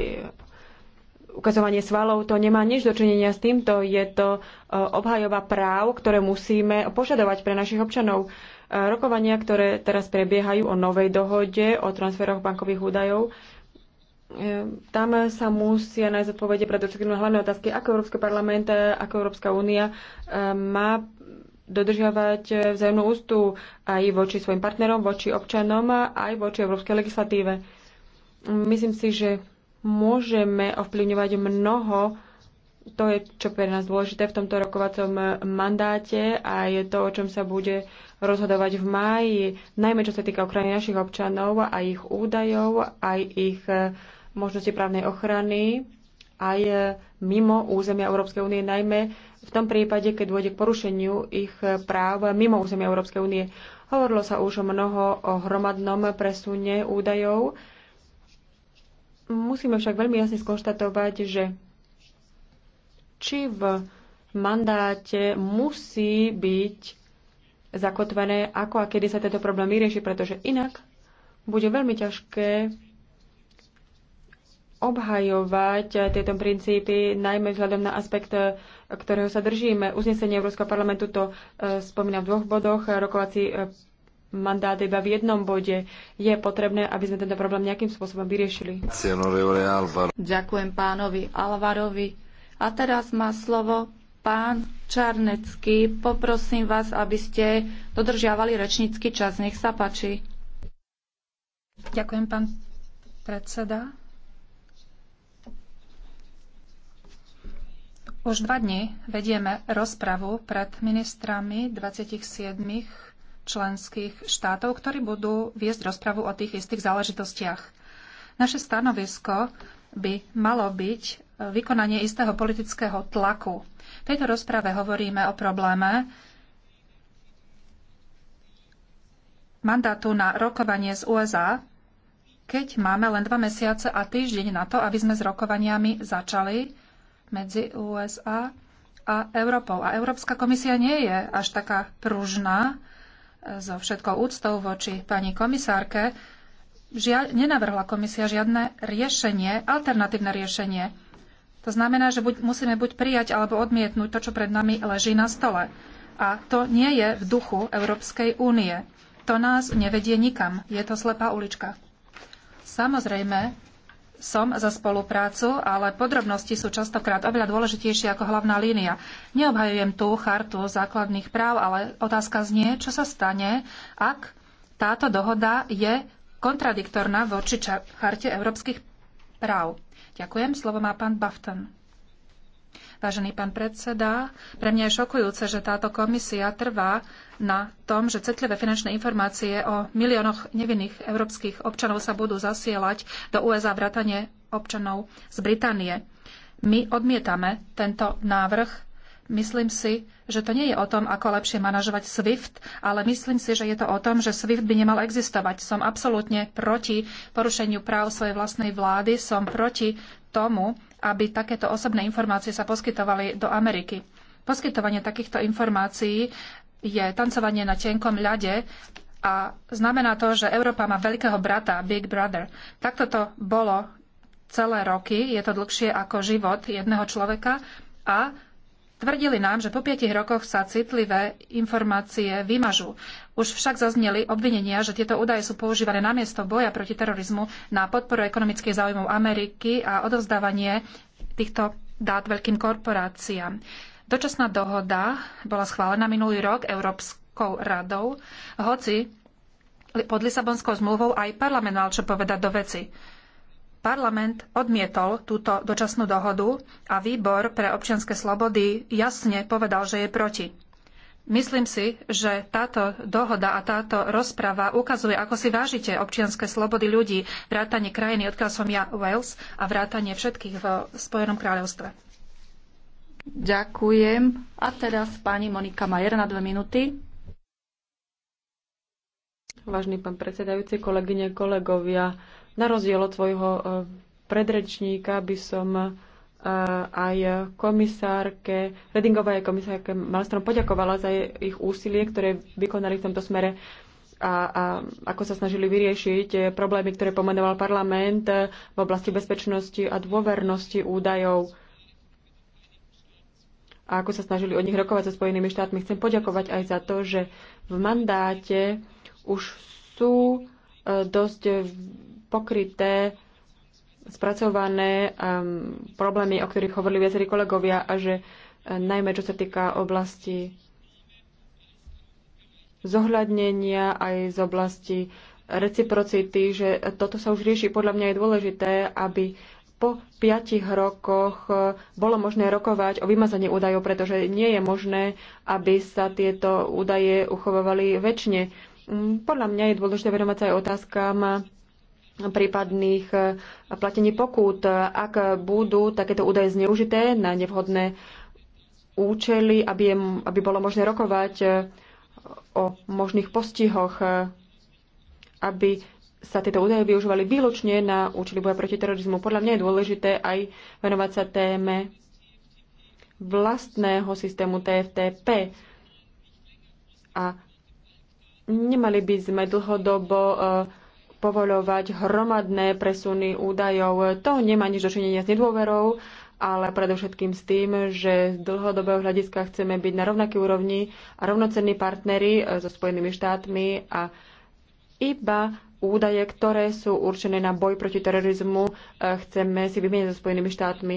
ukazovanie svalov, to nemá nič dočinenia s týmto. Je to e, obhajoba práv, ktoré musíme požadovať pre našich občanov. E, rokovania, ktoré teraz prebiehajú o novej dohode o transferoch bankových údajov, e, tam sa musia nájsť odpovede pre všetkým na hlavné otázky, ako Európsky parlament, ako Európska únia má dodržiavať vzájomnú ústu aj voči svojim partnerom, voči občanom, aj voči európskej legislatíve. Myslím si, že môžeme ovplyvňovať mnoho. To je, čo pre nás dôležité v tomto rokovacom mandáte a je to, o čom sa bude rozhodovať v máji, najmä čo sa týka ochrany našich občanov a ich údajov, aj ich eh, možnosti právnej ochrany, aj eh, mimo územia Európskej únie, najmä v tom prípade, keď dôjde k porušeniu ich eh, práv mimo územia Európskej únie. Hovorilo sa už mnoho o hromadnom presune údajov Musíme však veľmi jasne skonštatovať, že či v mandáte musí byť zakotvené, ako a kedy sa tento problém vyrieši, pretože inak bude veľmi ťažké obhajovať tieto princípy, najmä vzhľadom na aspekt, ktorého sa držíme. Uznesenie Európskeho parlamentu to eh, spomína v dvoch bodoch. Rokovací eh, mandát iba v jednom bode. Je potrebné, aby sme tento problém nejakým spôsobom vyriešili. Ďakujem pánovi Alvarovi. A teraz má slovo pán Čarnecký. Poprosím vás, aby ste dodržiavali rečnícky čas. Nech sa páči. Ďakujem, pán predseda. Už dva dni vedieme rozpravu pred ministrami 27 členských štátov, ktorí budú viesť rozpravu o tých istých záležitostiach. Naše stanovisko by malo byť vykonanie istého politického tlaku. V tejto rozprave hovoríme o probléme mandátu na rokovanie z USA, keď máme len dva mesiace a týždeň na to, aby sme s rokovaniami začali medzi USA a Európou. A Európska komisia nie je až taká pružná, so všetkou úctou voči pani komisárke, žia- nenavrhla komisia žiadne riešenie, alternatívne riešenie. To znamená, že buď, musíme buď prijať alebo odmietnúť to, čo pred nami leží na stole. A to nie je v duchu Európskej únie. To nás nevedie nikam. Je to slepá ulička. Samozrejme, som za spoluprácu, ale podrobnosti sú častokrát oveľa dôležitejšie ako hlavná línia. Neobhajujem tú chartu základných práv, ale otázka znie, čo sa stane, ak táto dohoda je kontradiktorná voči charte európskych práv. Ďakujem. Slovo má pán Bafton. Vážený pán predseda, pre mňa je šokujúce, že táto komisia trvá na tom, že citlivé finančné informácie o miliónoch nevinných európskych občanov sa budú zasielať do USA vrátane občanov z Británie. My odmietame tento návrh. Myslím si, že to nie je o tom, ako lepšie manažovať SWIFT, ale myslím si, že je to o tom, že SWIFT by nemal existovať. Som absolútne proti porušeniu práv svojej vlastnej vlády, som proti tomu, aby takéto osobné informácie sa poskytovali do Ameriky. Poskytovanie takýchto informácií je tancovanie na tenkom ľade a znamená to, že Európa má veľkého brata, Big Brother. Takto to bolo celé roky, je to dlhšie ako život jedného človeka a Tvrdili nám, že po piatich rokoch sa citlivé informácie vymažú. Už však zazneli obvinenia, že tieto údaje sú používané namiesto boja proti terorizmu na podporu ekonomických záujmov Ameriky a odovzdávanie týchto dát veľkým korporáciám. Dočasná dohoda bola schválená minulý rok Európskou radou, hoci pod Lisabonskou zmluvou aj parlament mal čo povedať do veci. Parlament odmietol túto dočasnú dohodu a výbor pre občianske slobody jasne povedal, že je proti. Myslím si, že táto dohoda a táto rozprava ukazuje, ako si vážite občianske slobody ľudí, vrátanie krajiny, odkiaľ som ja Wales, a vrátanie všetkých v Spojenom kráľovstve. Ďakujem. A teraz pani Monika Majer na dve minúty. Vážny pán predsedajúci, kolegyne, kolegovia, na rozdiel od svojho e, predrečníka by som e, aj komisárke, Redingová aj komisárke Malstrom poďakovala za ich úsilie, ktoré vykonali v tomto smere a, a ako sa snažili vyriešiť problémy, ktoré pomenoval parlament e, v oblasti bezpečnosti a dôvernosti údajov a ako sa snažili od nich rokovať so Spojenými štátmi. Chcem poďakovať aj za to, že v mandáte už sú dosť pokryté spracované um, problémy, o ktorých hovorili viacerí kolegovia a že um, najmä čo sa týka oblasti zohľadnenia aj z oblasti reciprocity, že toto sa už rieši. Podľa mňa je dôležité, aby po piatich rokoch eh, bolo možné rokovať o vymazaní údajov, pretože nie je možné, aby sa tieto údaje uchovovali väčšine. Mm, podľa mňa je dôležité venovať sa aj otázkam prípadných eh, platení pokút. Ak budú takéto údaje zneužité na nevhodné účely, aby, je, aby bolo možné rokovať eh, o možných postihoch, eh, aby sa tieto údaje využívali výlučne na účely boja proti terorizmu. Podľa mňa je dôležité aj venovať sa téme vlastného systému TFTP. A nemali by sme dlhodobo uh, povoľovať hromadné presuny údajov. To nemá nič dočinenia s nedôverou, ale predovšetkým s tým, že z dlhodobého hľadiska chceme byť na rovnakej úrovni a rovnocenní partnery e, so Spojenými štátmi a iba údaje, ktoré sú určené na boj proti terorizmu, e, chceme si vymeniť so Spojenými štátmi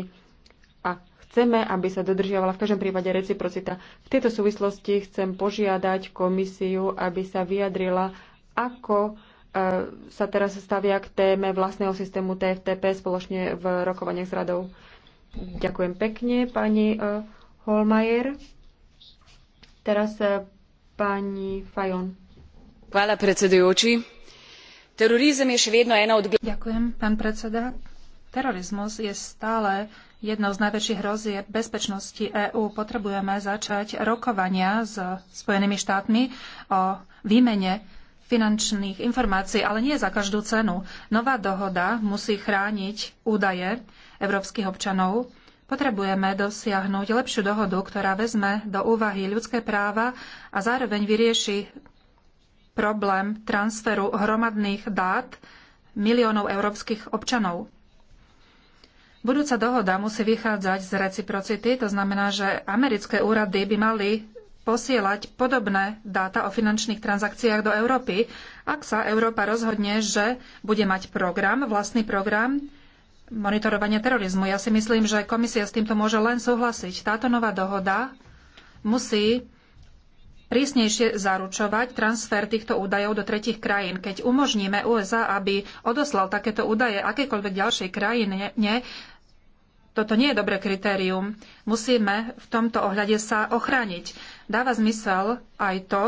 a chceme, aby sa dodržiavala v každom prípade reciprocita. V tejto súvislosti chcem požiadať komisiu, aby sa vyjadrila, ako sa teraz stavia k téme vlastného systému TFTP spoločne v rokovaniach s radou. Ďakujem pekne, pani e, Holmajer. Teraz e, pani Fajon. Hvala predsedujúči. Terorizm je še vedno jedno od... Ďakujem, pán predseda. Terorizmus je stále jednou z najväčších hrozieb bezpečnosti EÚ potrebujeme začať rokovania s Spojenými štátmi o výmene finančných informácií, ale nie za každú cenu. Nová dohoda musí chrániť údaje európskych občanov. Potrebujeme dosiahnuť lepšiu dohodu, ktorá vezme do úvahy ľudské práva a zároveň vyrieši problém transferu hromadných dát miliónov európskych občanov. Budúca dohoda musí vychádzať z reciprocity, to znamená, že americké úrady by mali posielať podobné dáta o finančných transakciách do Európy, ak sa Európa rozhodne, že bude mať program, vlastný program monitorovania terorizmu. Ja si myslím, že komisia s týmto môže len súhlasiť. Táto nová dohoda musí prísnejšie zaručovať transfer týchto údajov do tretich krajín. Keď umožníme USA, aby odoslal takéto údaje akékoľvek ďalšej krajine, toto nie je dobré kritérium. Musíme v tomto ohľade sa ochrániť. Dáva zmysel aj to,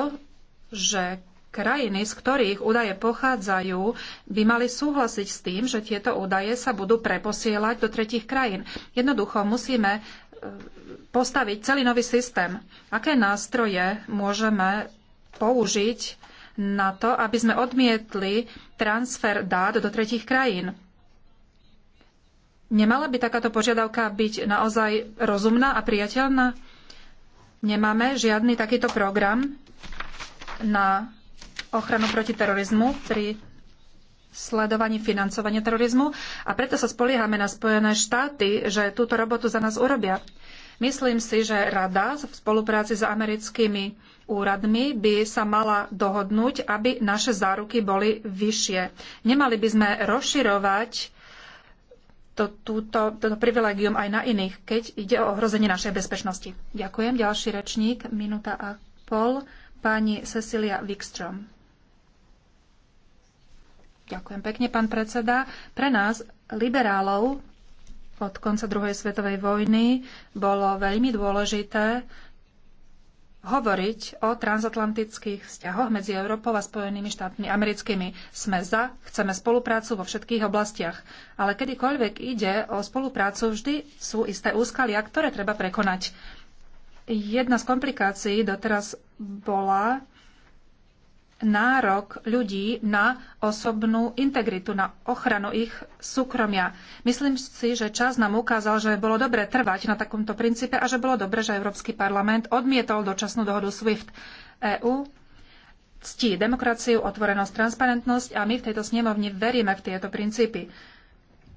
že krajiny, z ktorých údaje pochádzajú, by mali súhlasiť s tým, že tieto údaje sa budú preposielať do tretich krajín. Jednoducho musíme e, postaviť celý nový systém. Aké nástroje môžeme použiť na to, aby sme odmietli transfer dát do tretich krajín? Nemala by takáto požiadavka byť naozaj rozumná a priateľná? Nemáme žiadny takýto program na ochranu proti terorizmu pri sledovaní financovania terorizmu a preto sa spoliehame na Spojené štáty, že túto robotu za nás urobia. Myslím si, že Rada v spolupráci s americkými úradmi by sa mala dohodnúť, aby naše záruky boli vyššie. Nemali by sme rozširovať to, túto, toto privilegium aj na iných, keď ide o ohrozenie našej bezpečnosti. Ďakujem. Ďalší rečník, minúta a pol, pani Cecilia Wikström. Ďakujem pekne, pán predseda. Pre nás, liberálov, od konca druhej svetovej vojny bolo veľmi dôležité hovoriť o transatlantických vzťahoch medzi Európou a Spojenými štátmi americkými. Sme za, chceme spoluprácu vo všetkých oblastiach. Ale kedykoľvek ide o spoluprácu, vždy sú isté úskalia, ktoré treba prekonať. Jedna z komplikácií doteraz bola nárok ľudí na osobnú integritu, na ochranu ich súkromia. Myslím si, že čas nám ukázal, že bolo dobre trvať na takomto princípe a že bolo dobre, že Európsky parlament odmietol dočasnú dohodu SWIFT EU ctí demokraciu, otvorenosť, transparentnosť a my v tejto snemovni veríme v tieto princípy.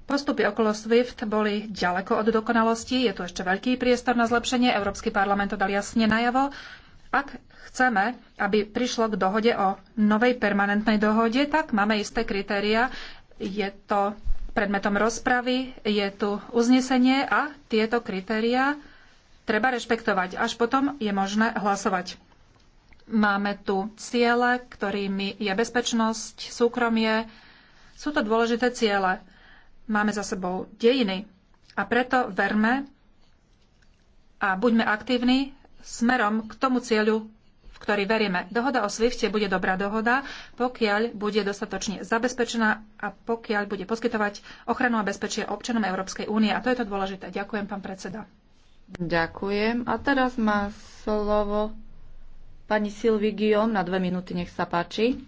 Postupy okolo SWIFT boli ďaleko od dokonalosti, je tu ešte veľký priestor na zlepšenie, Európsky parlament to dal jasne najavo. Ak chceme, aby prišlo k dohode o novej permanentnej dohode, tak máme isté kritéria. Je to predmetom rozpravy, je tu uznesenie a tieto kritéria treba rešpektovať. Až potom je možné hlasovať. Máme tu ciele, ktorými je bezpečnosť, súkromie. Sú to dôležité ciele. Máme za sebou dejiny. A preto verme a buďme aktívni smerom k tomu cieľu, ktorý veríme. Dohoda o Swifte bude dobrá dohoda, pokiaľ bude dostatočne zabezpečená a pokiaľ bude poskytovať ochranu a bezpečie občanom Európskej únie. A to je to dôležité. Ďakujem, pán predseda. Ďakujem. A teraz má slovo pani Silvi Guillaume na dve minúty. Nech sa páči.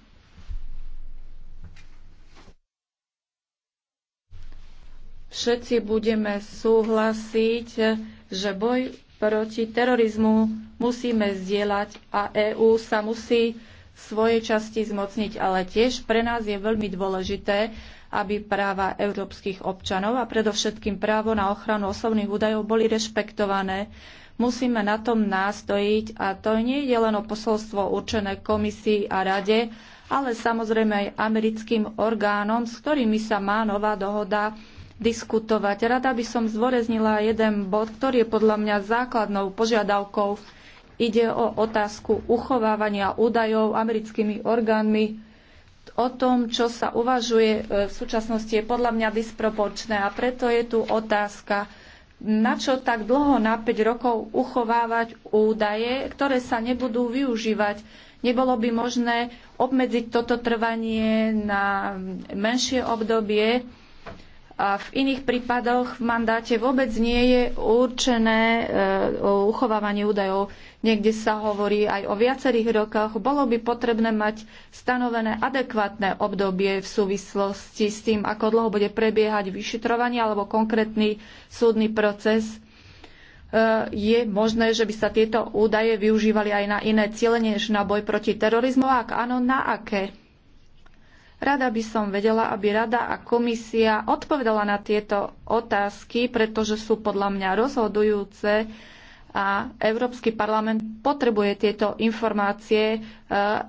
Všetci budeme súhlasiť, že boj proti terorizmu musíme zdieľať a EÚ sa musí svojej časti zmocniť, ale tiež pre nás je veľmi dôležité, aby práva európskych občanov a predovšetkým právo na ochranu osobných údajov boli rešpektované. Musíme na tom nástojiť a to nie je len o posolstvo určené komisii a rade, ale samozrejme aj americkým orgánom, s ktorými sa má nová dohoda diskutovať. Rada by som zdôreznila jeden bod, ktorý je podľa mňa základnou požiadavkou. Ide o otázku uchovávania údajov americkými orgánmi. O tom, čo sa uvažuje e, v súčasnosti, je podľa mňa disproporčné a preto je tu otázka, na čo tak dlho na 5 rokov uchovávať údaje, ktoré sa nebudú využívať. Nebolo by možné obmedziť toto trvanie na menšie obdobie, a v iných prípadoch v mandáte vôbec nie je určené e, uchovávanie údajov. Niekde sa hovorí aj o viacerých rokoch. Bolo by potrebné mať stanovené adekvátne obdobie v súvislosti s tým, ako dlho bude prebiehať vyšetrovanie alebo konkrétny súdny proces. E, je možné, že by sa tieto údaje využívali aj na iné ciele než na boj proti terorizmu? Ak áno, na aké? Rada by som vedela, aby rada a komisia odpovedala na tieto otázky, pretože sú podľa mňa rozhodujúce a Európsky parlament potrebuje tieto informácie, e,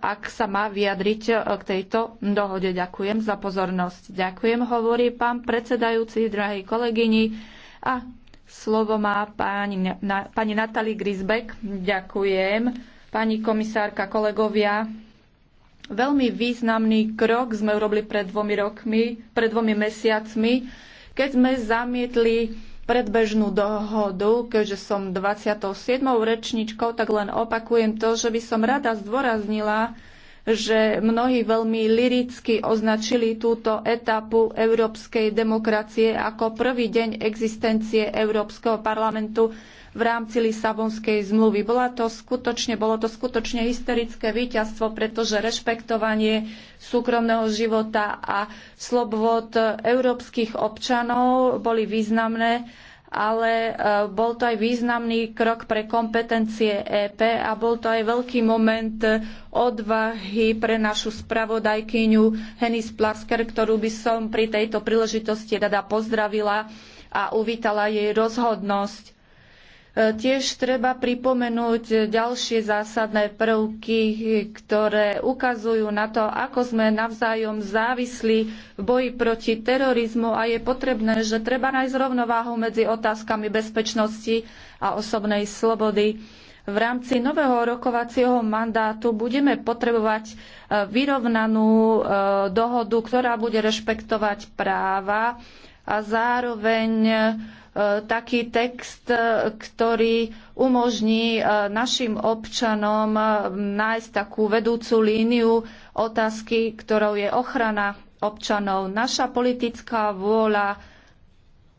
ak sa má vyjadriť e, k tejto dohode. Ďakujem za pozornosť. Ďakujem, hovorí pán predsedajúci, drahej kolegyni. A slovo má pani, na, pani Natali Grisbeck. Ďakujem. Pani komisárka, kolegovia. Veľmi významný krok sme urobili pred dvomi rokmi, pred dvomi mesiacmi, keď sme zamietli predbežnú dohodu, keďže som 27. rečničkou, tak len opakujem to, že by som rada zdôraznila, že mnohí veľmi liricky označili túto etapu európskej demokracie ako prvý deň existencie Európskeho parlamentu v rámci Lisabonskej zmluvy. Bola to skutočne, bolo to skutočne historické víťazstvo, pretože rešpektovanie súkromného života a slobod európskych občanov boli významné ale e, bol to aj významný krok pre kompetencie EP a bol to aj veľký moment odvahy pre našu spravodajkyňu Henis Plasker, ktorú by som pri tejto príležitosti rada pozdravila a uvítala jej rozhodnosť. Tiež treba pripomenúť ďalšie zásadné prvky, ktoré ukazujú na to, ako sme navzájom závislí v boji proti terorizmu a je potrebné, že treba nájsť rovnováhu medzi otázkami bezpečnosti a osobnej slobody. V rámci nového rokovacieho mandátu budeme potrebovať e, vyrovnanú e, dohodu, ktorá bude rešpektovať práva a zároveň e, E, taký text, e, ktorý umožní e, našim občanom nájsť takú vedúcu líniu otázky, ktorou je ochrana občanov. Naša politická vôľa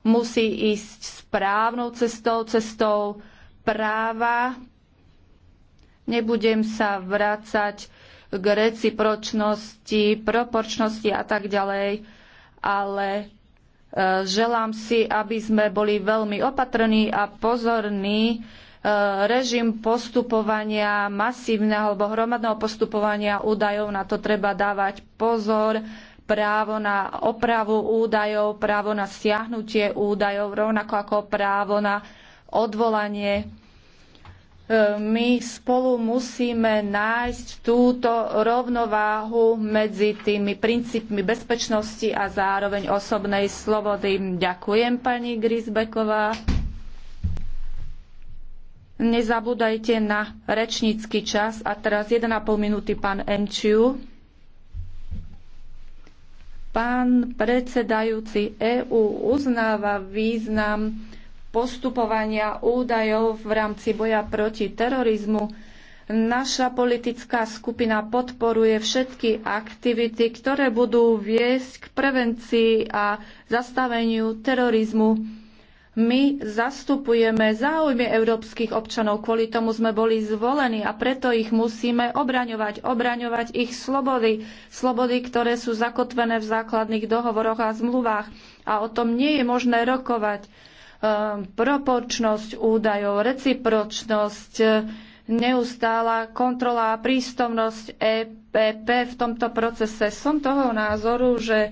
musí ísť správnou cestou, cestou práva. Nebudem sa vrácať k recipročnosti, proporčnosti a tak ďalej, ale Eh, želám si, aby sme boli veľmi opatrní a pozorní. Eh, režim postupovania masívneho alebo hromadného postupovania údajov, na to treba dávať pozor. Právo na opravu údajov, právo na stiahnutie údajov, rovnako ako právo na odvolanie my spolu musíme nájsť túto rovnováhu medzi tými princípmi bezpečnosti a zároveň osobnej slobody. Ďakujem pani Grisbeková. Nezabúdajte na rečnícky čas. A teraz 1,5 minúty pán Enčiu. Pán predsedajúci EÚ uznáva význam postupovania údajov v rámci boja proti terorizmu. Naša politická skupina podporuje všetky aktivity, ktoré budú viesť k prevencii a zastaveniu terorizmu. My zastupujeme záujmy európskych občanov, kvôli tomu sme boli zvolení a preto ich musíme obraňovať, obraňovať ich slobody, slobody, ktoré sú zakotvené v základných dohovoroch a zmluvách. A o tom nie je možné rokovať Ehm, proporčnosť údajov, recipročnosť, e, neustála kontrola a prístomnosť EPP v tomto procese. Som toho názoru, že e,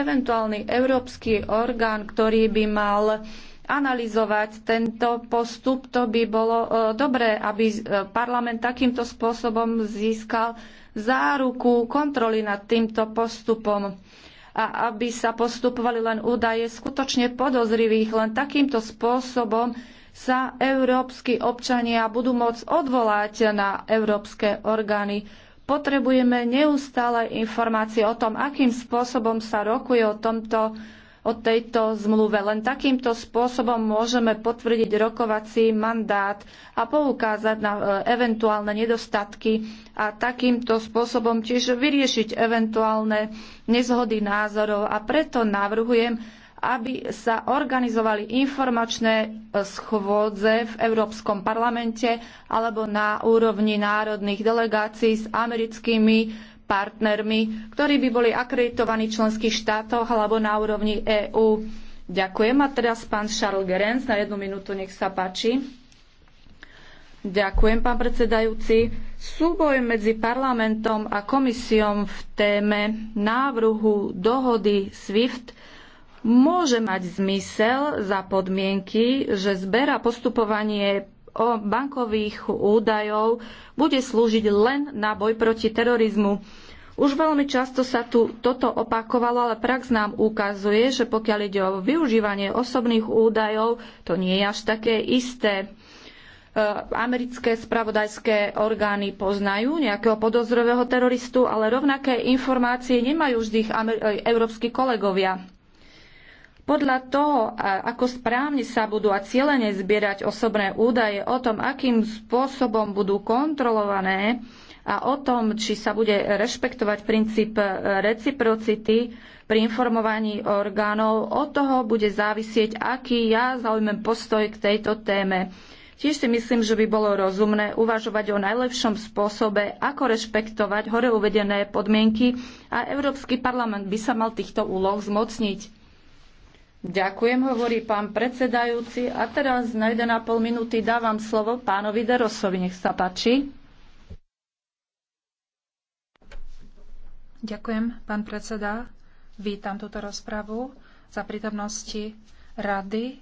eventuálny európsky orgán, ktorý by mal analyzovať tento postup, to by bolo e, dobré, aby parlament takýmto spôsobom získal záruku kontroly nad týmto postupom a aby sa postupovali len údaje skutočne podozrivých. Len takýmto spôsobom sa európsky občania budú môcť odvolať na európske orgány. Potrebujeme neustále informácie o tom, akým spôsobom sa rokuje o tomto o tejto zmluve. Len takýmto spôsobom môžeme potvrdiť rokovací mandát a poukázať na e, eventuálne nedostatky a takýmto spôsobom tiež vyriešiť eventuálne nezhody názorov. A preto navrhujem, aby sa organizovali informačné e, schôdze v Európskom parlamente alebo na úrovni národných delegácií s americkými partnermi, ktorí by boli akreditovaní v členských štátoch alebo na úrovni EÚ. Ďakujem. A teraz pán Charles Gerenc na jednu minútu, nech sa páči. Ďakujem, pán predsedajúci. Súboj medzi parlamentom a komisiom v téme návrhu dohody SWIFT môže mať zmysel za podmienky, že zbera postupovanie o bankových údajov bude slúžiť len na boj proti terorizmu. Už veľmi často sa tu toto opakovalo, ale prax nám ukazuje, že pokiaľ ide o využívanie osobných údajov, to nie je až také isté. E, americké spravodajské orgány poznajú nejakého podozrového teroristu, ale rovnaké informácie nemajú vždy ich e, európsky kolegovia. Podľa toho, ako správne sa budú a cieľene zbierať osobné údaje o tom, akým spôsobom budú kontrolované a o tom, či sa bude rešpektovať princíp reciprocity pri informovaní orgánov, od toho bude závisieť, aký ja zaujímam postoj k tejto téme. Tiež si myslím, že by bolo rozumné uvažovať o najlepšom spôsobe, ako rešpektovať hore uvedené podmienky a Európsky parlament by sa mal týchto úloh zmocniť. Ďakujem, hovorí pán predsedajúci. A teraz na 1,5 minúty dávam slovo pánovi Derosovi. Nech sa páči. Ďakujem, pán predseda. Vítam túto rozpravu za prítomnosti Rady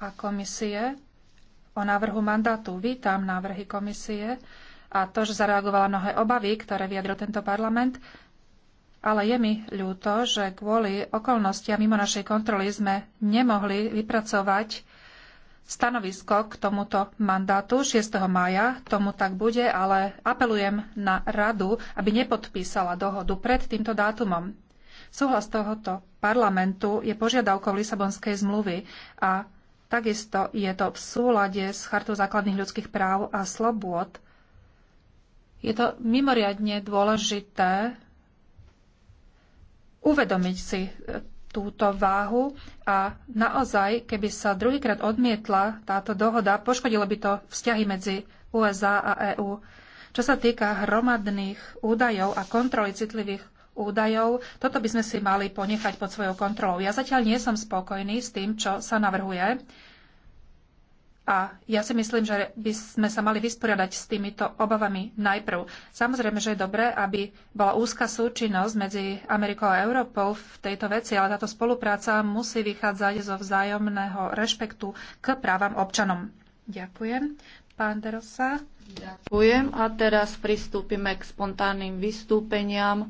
a komisie o návrhu mandátu. Vítam návrhy komisie a to, že zareagovala mnohé obavy, ktoré vyjadril tento parlament ale je mi ľúto, že kvôli okolnostiam mimo našej kontroly sme nemohli vypracovať stanovisko k tomuto mandátu 6. maja. Tomu tak bude, ale apelujem na radu, aby nepodpísala dohodu pred týmto dátumom. Súhlas tohoto parlamentu je požiadavkou Lisabonskej zmluvy a takisto je to v súlade s Chartou základných ľudských práv a slobôd. Je to mimoriadne dôležité uvedomiť si e, túto váhu a naozaj, keby sa druhýkrát odmietla táto dohoda, poškodilo by to vzťahy medzi USA a EÚ. Čo sa týka hromadných údajov a kontroly citlivých údajov, toto by sme si mali ponechať pod svojou kontrolou. Ja zatiaľ nie som spokojný s tým, čo sa navrhuje. A ja si myslím, že by sme sa mali vysporiadať s týmito obavami najprv. Samozrejme, že je dobré, aby bola úzka súčinnosť medzi Amerikou a Európou v tejto veci, ale táto spolupráca musí vychádzať zo vzájomného rešpektu k právam občanom. Ďakujem. Pán Derosa. Ďakujem. A teraz pristúpime k spontánnym vystúpeniam.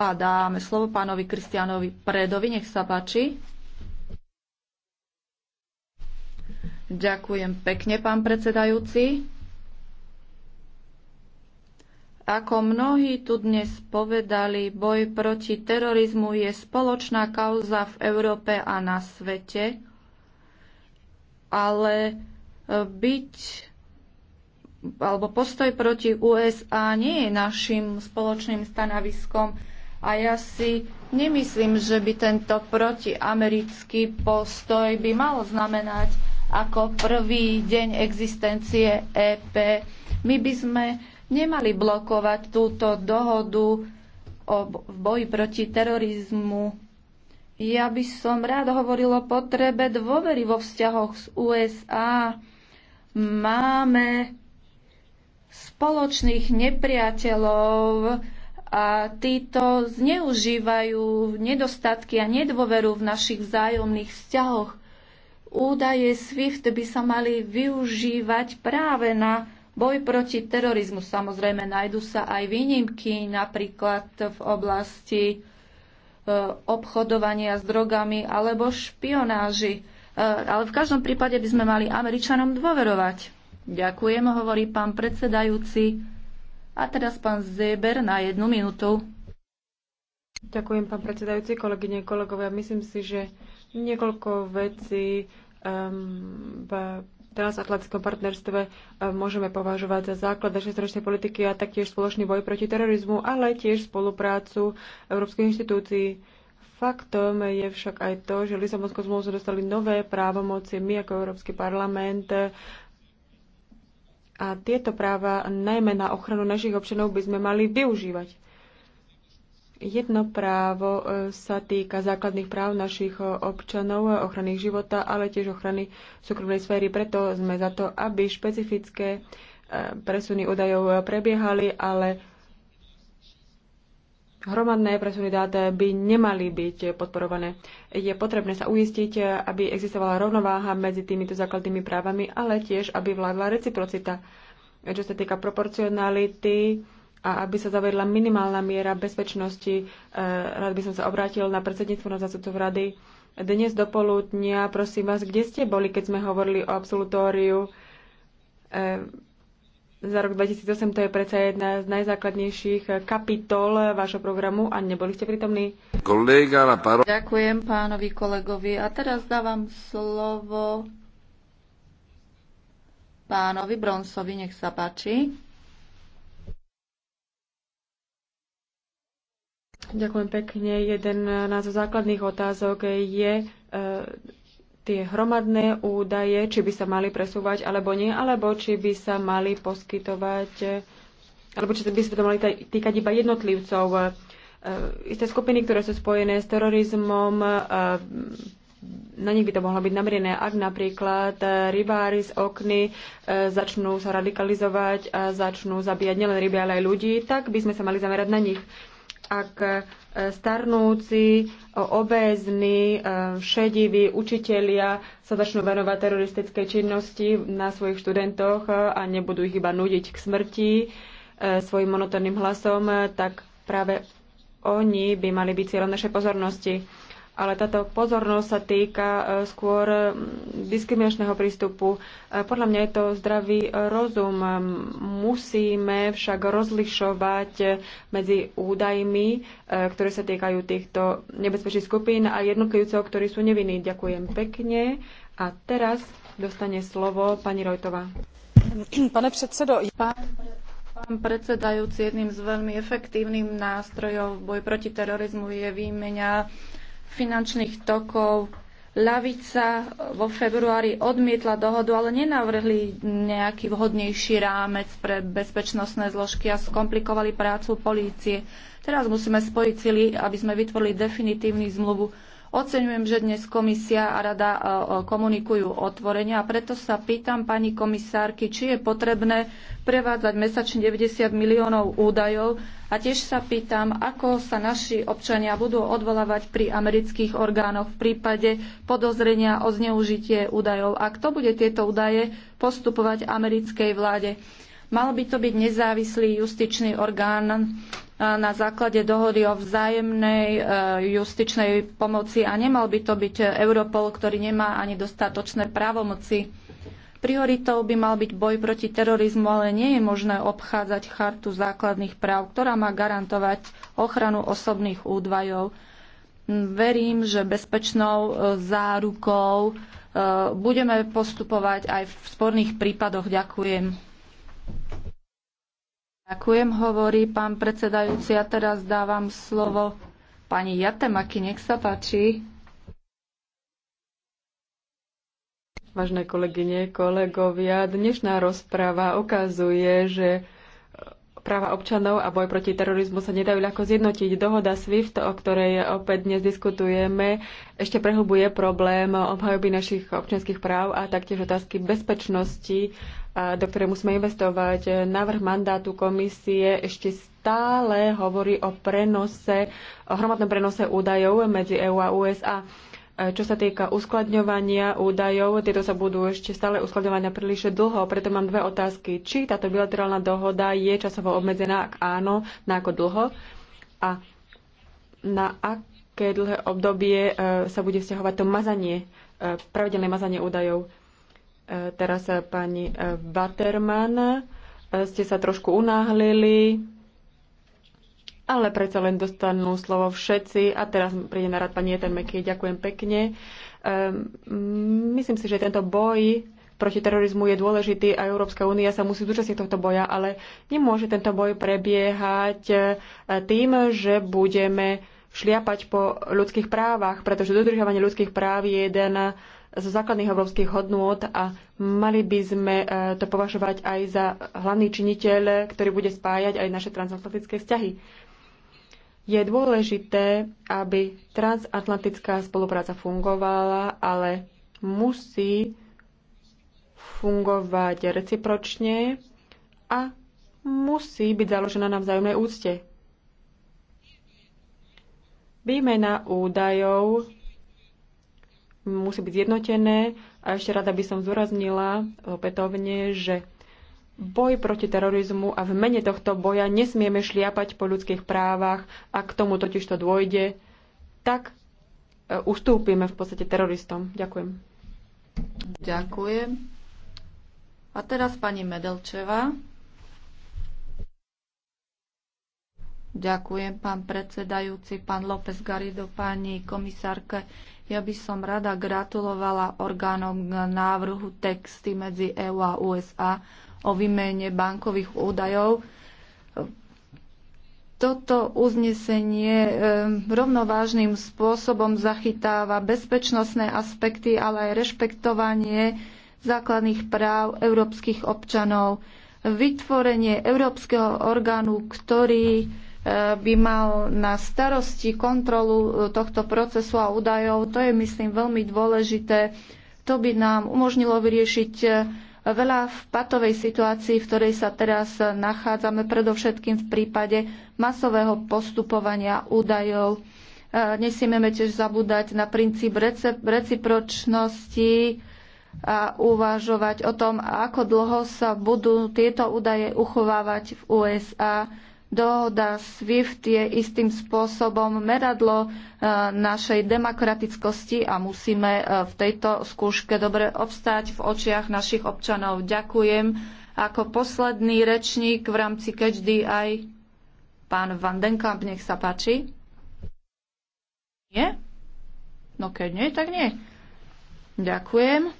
A dáme slovo pánovi Kristianovi Predovi. Nech sa páči. Ďakujem pekne, pán predsedajúci. Ako mnohí tu dnes povedali, boj proti terorizmu je spoločná kauza v Európe a na svete, ale e, byť alebo postoj proti USA nie je našim spoločným stanoviskom a ja si nemyslím, že by tento protiamerický postoj by mal znamenať ako prvý deň existencie EP. My by sme nemali blokovať túto dohodu o boji proti terorizmu. Ja by som rád hovoril o potrebe dôvery vo vzťahoch s USA. Máme spoločných nepriateľov a títo zneužívajú nedostatky a nedôveru v našich vzájomných vzťahoch. Údaje SWIFT by sa mali využívať práve na boj proti terorizmu. Samozrejme, nájdu sa aj výnimky, napríklad v oblasti e, obchodovania s drogami alebo špionáži. E, ale v každom prípade by sme mali Američanom dôverovať. Ďakujem, hovorí pán predsedajúci. A teraz pán Zeber na jednu minútu. Ďakujem, pán predsedajúci, kolegyne, kolegovia. Myslím si, že Niekoľko vecí um, v transatlantickom partnerstve um, môžeme považovať za základ našej politiky a taktiež spoločný boj proti terorizmu, ale tiež spoluprácu európskych inštitúcií. Faktom je však aj to, že Lisabonskou zmluvou sa dostali nové právomoci my ako Európsky parlament a tieto práva najmä na ochranu našich občanov by sme mali využívať. Jedno právo e, sa týka základných práv našich e, občanov, e, ochrany ich života, ale tiež ochrany súkromnej sféry. Preto sme za to, aby špecifické presuny údajov prebiehali, ale hromadné presuny dát by nemali byť podporované. Je potrebné sa uistiť, aby existovala rovnováha medzi týmito základnými právami, ale tiež, aby vládla reciprocita. Čo sa týka proporcionality, a aby sa zavedla minimálna miera bezpečnosti. E, rád by som sa obrátil na predsedníctvo na zástupcov rady. Dnes do poludnia, prosím vás, kde ste boli, keď sme hovorili o absolutóriu e, za rok 2008? To je predsa jedna z najzákladnejších e, kapitol vášho programu a neboli ste pritomní. Kolega na paro... Ďakujem pánovi kolegovi a teraz dávam slovo pánovi Bronsovi, nech sa páči. Ďakujem pekne. Jeden z základných otázok je e, tie hromadné údaje, či by sa mali presúvať alebo nie, alebo či by sa mali poskytovať, e, alebo či by sa to mali týkať iba jednotlivcov. E, isté skupiny, ktoré sú spojené s terorizmom, na nich by to mohlo byť namriené, ak napríklad rybári z okny začnú sa radikalizovať a začnú zabíjať nielen ryby, ale aj ľudí, tak by sme sa mali zamerať na nich ak e, starnúci, e, obézni, e, šediví učitelia sa začnú venovať teroristickej činnosti na svojich študentoch a nebudú ich iba nudiť k smrti svojim monotónnym hlasom, tak práve oni by mali byť cieľom našej pozornosti ale táto pozornosť sa týka e, skôr diskriminačného prístupu. E, podľa mňa je to zdravý e, rozum. Musíme však rozlišovať medzi údajmi, ktoré sa týkajú týchto nebezpečných skupín a jednotlivcov, ktorí sú nevinní. Ďakujem pekne. A teraz dostane slovo pani Rojtová. Pane predsedo, pán Pán predsedajúci, jedným z veľmi efektívnych nástrojov v boji proti terorizmu je výmena finančných tokov. Lavica vo februári odmietla dohodu, ale nenavrhli nejaký vhodnejší rámec pre bezpečnostné zložky a skomplikovali prácu polície. Teraz musíme spojiť sily, aby sme vytvorili definitívnu zmluvu. Oceňujem, že dnes komisia a rada e, e, komunikujú otvorenia a preto sa pýtam pani komisárky, či je potrebné prevádzať mesačne 90 miliónov údajov a tiež sa pýtam, ako sa naši občania budú odvolávať pri amerických orgánoch v prípade podozrenia o zneužitie údajov a kto bude tieto údaje postupovať americkej vláde. Mal by to byť nezávislý justičný orgán na základe dohody o vzájemnej e, justičnej pomoci a nemal by to byť Europol, ktorý nemá ani dostatočné právomoci. Prioritou by mal byť boj proti terorizmu, ale nie je možné obchádzať chartu základných práv, ktorá má garantovať ochranu osobných údvajov. Verím, že bezpečnou e, zárukou e, budeme postupovať aj v sporných prípadoch. Ďakujem. Ďakujem, hovorí pán predsedajúci. A teraz dávam slovo pani Jatemaki. Nech sa páči. Vážne kolegyne, kolegovia, dnešná rozpráva ukazuje, že práva občanov a boj proti terorizmu sa nedajú ľahko zjednotiť. Dohoda SWIFT, o ktorej opäť dnes diskutujeme, ešte prehlbuje problém obhajoby našich občianských práv a taktiež otázky bezpečnosti, do ktoré musíme investovať. Návrh mandátu komisie ešte stále hovorí o prenose, o hromadnom prenose údajov medzi EU a USA. Čo sa týka uskladňovania údajov, tieto sa budú ešte stále uskladňovať na príliš dlho, preto mám dve otázky. Či táto bilaterálna dohoda je časovo obmedzená, ak áno, na ako dlho a na aké dlhé obdobie e, sa bude vzťahovať to mazanie, e, pravidelné mazanie údajov. E, teraz pani Waterman, ste sa trošku unáhlili ale predsa len dostanú slovo všetci. A teraz príde na rad pani Meky, Ďakujem pekne. Um, myslím si, že tento boj proti terorizmu je dôležitý a Európska únia sa musí zúčastniť tohto boja, ale nemôže tento boj prebiehať e, tým, že budeme šliapať po ľudských právach, pretože dodržiavanie ľudských práv je jeden zo základných európskych hodnôt a mali by sme e, to považovať aj za hlavný činiteľ, ktorý bude spájať aj naše transatlantické vzťahy. Je dôležité, aby transatlantická spolupráca fungovala, ale musí fungovať recipročne a musí byť založená na vzájomnej úcte. Výmena údajov musí byť zjednotené a ešte rada by som zdôraznila opätovne, že boj proti terorizmu a v mene tohto boja nesmieme šliapať po ľudských právach. a k tomu totiž to dôjde, tak e, ustúpime v podstate teroristom. Ďakujem. Ďakujem. A teraz pani Medelčeva. Ďakujem, pán predsedajúci, pán López Garido, pani komisárke. Ja by som rada gratulovala orgánom návrhu texty medzi EU a USA o výmene bankových údajov. Toto uznesenie e, rovnovážnym spôsobom zachytáva bezpečnostné aspekty, ale aj rešpektovanie základných práv európskych občanov, vytvorenie európskeho orgánu, ktorý e, by mal na starosti kontrolu e, tohto procesu a údajov. To je, myslím, veľmi dôležité. To by nám umožnilo vyriešiť veľa v patovej situácii, v ktorej sa teraz nachádzame, predovšetkým v prípade masového postupovania údajov. E, nesmieme tiež zabúdať na princíp recipročnosti a uvažovať o tom, ako dlho sa budú tieto údaje uchovávať v USA Dohoda SWIFT je istým spôsobom meradlo e, našej demokratickosti a musíme e, v tejto skúške dobre obstáť v očiach našich občanov. Ďakujem. Ako posledný rečník v rámci Catch aj pán Van Denkamp, nech sa páči. Nie? No keď nie, tak nie. Ďakujem.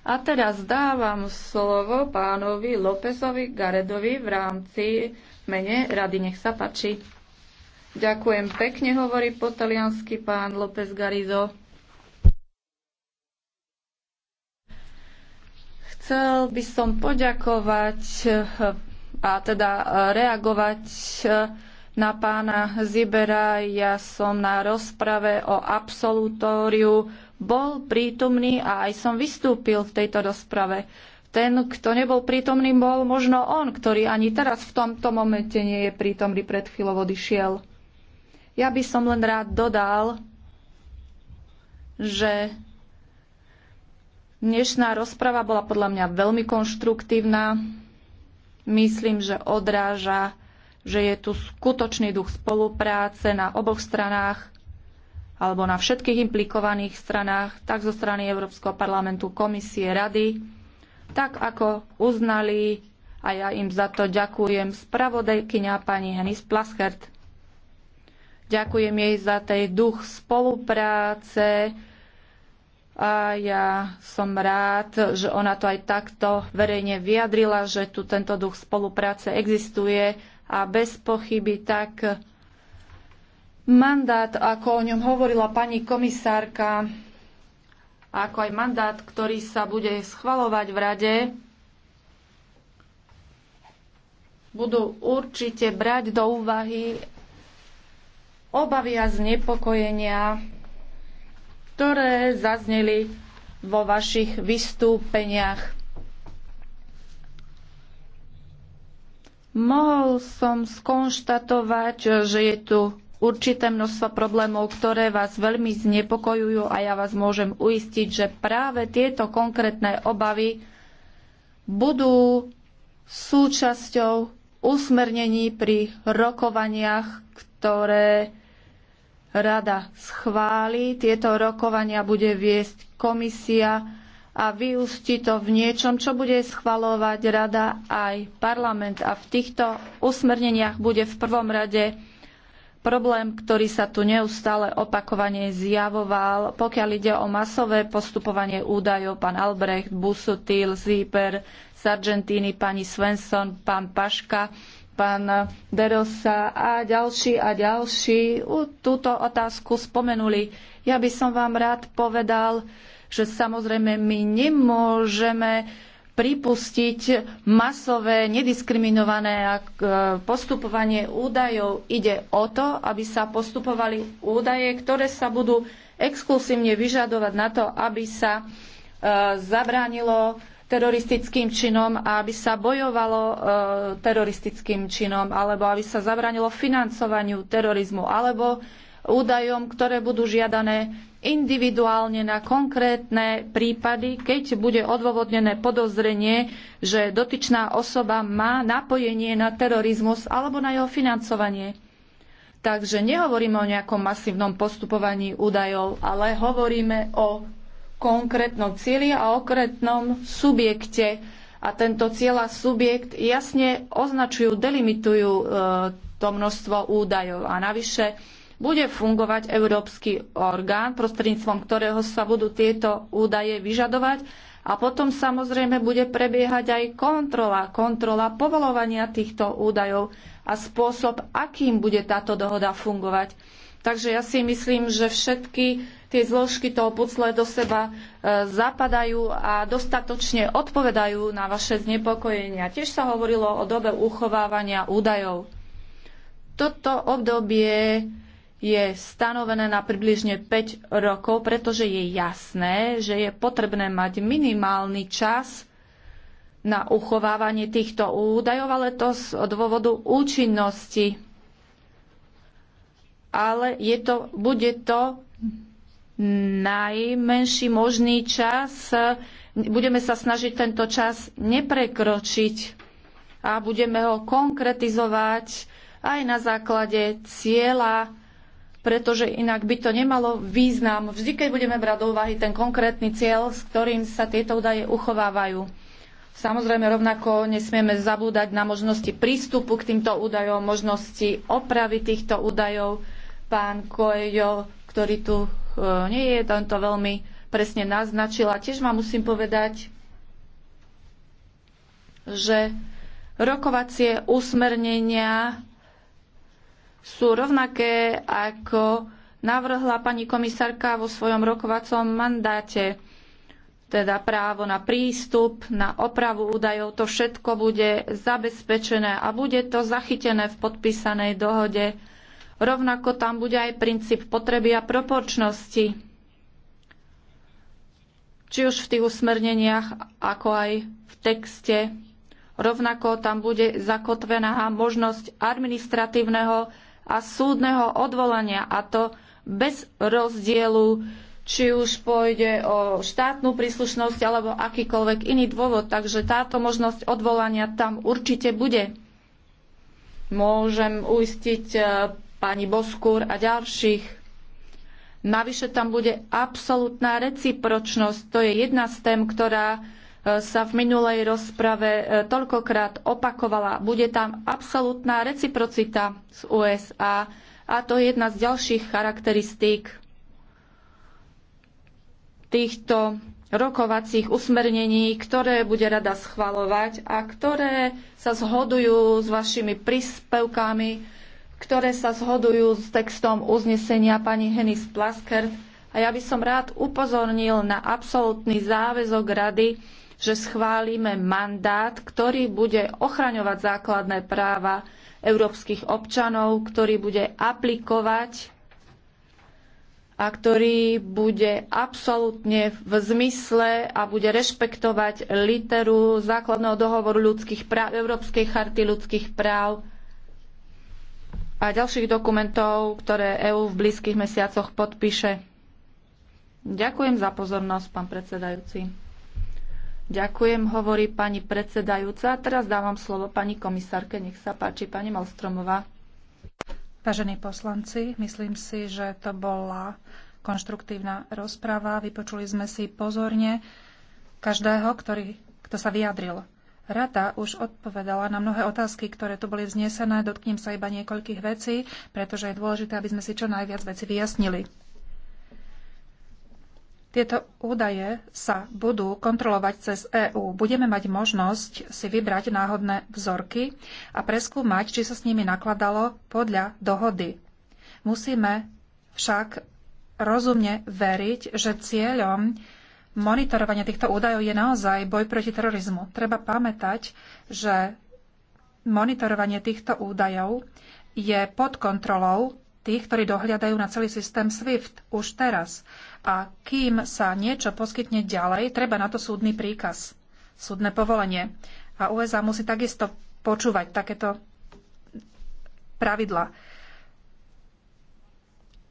A teraz dávam slovo pánovi Lópezovi Garedovi v rámci mene rady. Nech sa páči. Ďakujem pekne, hovorí po taliansky pán López Garido. Chcel by som poďakovať eh, a teda eh, reagovať eh, na pána Zibera. Ja som na rozprave o absolutóriu bol prítomný a aj som vystúpil v tejto rozprave. Ten, kto nebol prítomný, bol možno on, ktorý ani teraz v tomto momente nie je prítomný, pred chvíľou odišiel. Ja by som len rád dodal, že dnešná rozprava bola podľa mňa veľmi konštruktívna. Myslím, že odráža, že je tu skutočný duch spolupráce na oboch stranách alebo na všetkých implikovaných stranách, tak zo strany Európskeho parlamentu, komisie, rady, tak ako uznali, a ja im za to ďakujem, spravodajkyňa pani Henis Plaschert. Ďakujem jej za tej duch spolupráce a ja som rád, že ona to aj takto verejne vyjadrila, že tu tento duch spolupráce existuje a bez pochyby tak mandát, ako o ňom hovorila pani komisárka, a ako aj mandát, ktorý sa bude schvalovať v rade, budú určite brať do úvahy obavy a znepokojenia, ktoré zazneli vo vašich vystúpeniach. Mohol som skonštatovať, že je tu určité množstvo problémov, ktoré vás veľmi znepokojujú a ja vás môžem uistiť, že práve tieto konkrétne obavy budú súčasťou usmernení pri rokovaniach, ktoré rada schváli. Tieto rokovania bude viesť komisia a vyústi to v niečom, čo bude schvalovať rada aj parlament. A v týchto usmerneniach bude v prvom rade Problém, ktorý sa tu neustále opakovane zjavoval, pokiaľ ide o masové postupovanie údajov, pán Albrecht, Busutil, Zíper, Sargentini, pani Svensson, pán Paška, pán Derosa a ďalší a ďalší túto otázku spomenuli. Ja by som vám rád povedal, že samozrejme my nemôžeme pripustiť masové, nediskriminované e, postupovanie údajov. Ide o to, aby sa postupovali údaje, ktoré sa budú exkluzívne vyžadovať na to, aby sa e, zabránilo teroristickým činom a aby sa bojovalo e, teroristickým činom, alebo aby sa zabránilo financovaniu terorizmu, alebo údajom, ktoré budú žiadané individuálne na konkrétne prípady, keď bude odôvodnené podozrenie, že dotyčná osoba má napojenie na terorizmus alebo na jeho financovanie. Takže nehovoríme o nejakom masívnom postupovaní údajov, ale hovoríme o konkrétnom cieli a o konkrétnom subjekte. A tento cieľ a subjekt jasne označujú, delimitujú e, to množstvo údajov. A navyše bude fungovať európsky orgán, prostredníctvom ktorého sa budú tieto údaje vyžadovať a potom samozrejme bude prebiehať aj kontrola, kontrola povolovania týchto údajov a spôsob, akým bude táto dohoda fungovať. Takže ja si myslím, že všetky tie zložky toho pucle do seba e, zapadajú a dostatočne odpovedajú na vaše znepokojenia. Tiež sa hovorilo o dobe uchovávania údajov. Toto obdobie je stanovené na približne 5 rokov, pretože je jasné, že je potrebné mať minimálny čas na uchovávanie týchto údajov, ale to z dôvodu účinnosti. Ale je to, bude to najmenší možný čas. Budeme sa snažiť tento čas neprekročiť a budeme ho konkretizovať aj na základe cieľa pretože inak by to nemalo význam vždy, keď budeme brať do úvahy ten konkrétny cieľ, s ktorým sa tieto údaje uchovávajú. Samozrejme, rovnako nesmieme zabúdať na možnosti prístupu k týmto údajom, možnosti opravy týchto údajov. Pán Koejo, ktorý tu e, nie je, Tento to veľmi presne naznačil. A tiež vám musím povedať, že rokovacie usmernenia sú rovnaké, ako navrhla pani komisárka vo svojom rokovacom mandáte. Teda právo na prístup, na opravu údajov, to všetko bude zabezpečené a bude to zachytené v podpísanej dohode. Rovnako tam bude aj princíp potreby a proporčnosti. Či už v tých usmerneniach, ako aj v texte Rovnako tam bude zakotvená možnosť administratívneho a súdneho odvolania a to bez rozdielu, či už pôjde o štátnu príslušnosť alebo akýkoľvek iný dôvod. Takže táto možnosť odvolania tam určite bude. Môžem uistiť e, pani Boskúr a ďalších. Navyše tam bude absolútna recipročnosť. To je jedna z tém, ktorá sa v minulej rozprave e, toľkokrát opakovala. Bude tam absolútna reciprocita z USA a to je jedna z ďalších charakteristík týchto rokovacích usmernení, ktoré bude rada schvalovať a ktoré sa zhodujú s vašimi príspevkami, ktoré sa zhodujú s textom uznesenia pani Henis Plaskert. A ja by som rád upozornil na absolútny záväzok rady, že schválime mandát, ktorý bude ochraňovať základné práva európskych občanov, ktorý bude aplikovať a ktorý bude absolútne v zmysle a bude rešpektovať literu základného dohovoru ľudských práv, Európskej charty ľudských práv a ďalších dokumentov, ktoré EÚ v blízkych mesiacoch podpíše. Ďakujem za pozornosť, pán predsedajúci. Ďakujem, hovorí pani predsedajúca. Teraz dávam slovo pani komisárke. Nech sa páči, pani Malstromová. Vážení poslanci, myslím si, že to bola konštruktívna rozprava. Vypočuli sme si pozorne každého, ktorý, kto sa vyjadril. Rada už odpovedala na mnohé otázky, ktoré tu boli vznesené. Dotknem sa iba niekoľkých vecí, pretože je dôležité, aby sme si čo najviac veci vyjasnili. Tieto údaje sa budú kontrolovať cez EÚ. Budeme mať možnosť si vybrať náhodné vzorky a preskúmať, či sa s nimi nakladalo podľa dohody. Musíme však rozumne veriť, že cieľom monitorovania týchto údajov je naozaj boj proti terorizmu. Treba pamätať, že monitorovanie týchto údajov je pod kontrolou tých, ktorí dohliadajú na celý systém SWIFT už teraz. A kým sa niečo poskytne ďalej, treba na to súdny príkaz, súdne povolenie. A USA musí takisto počúvať takéto pravidla.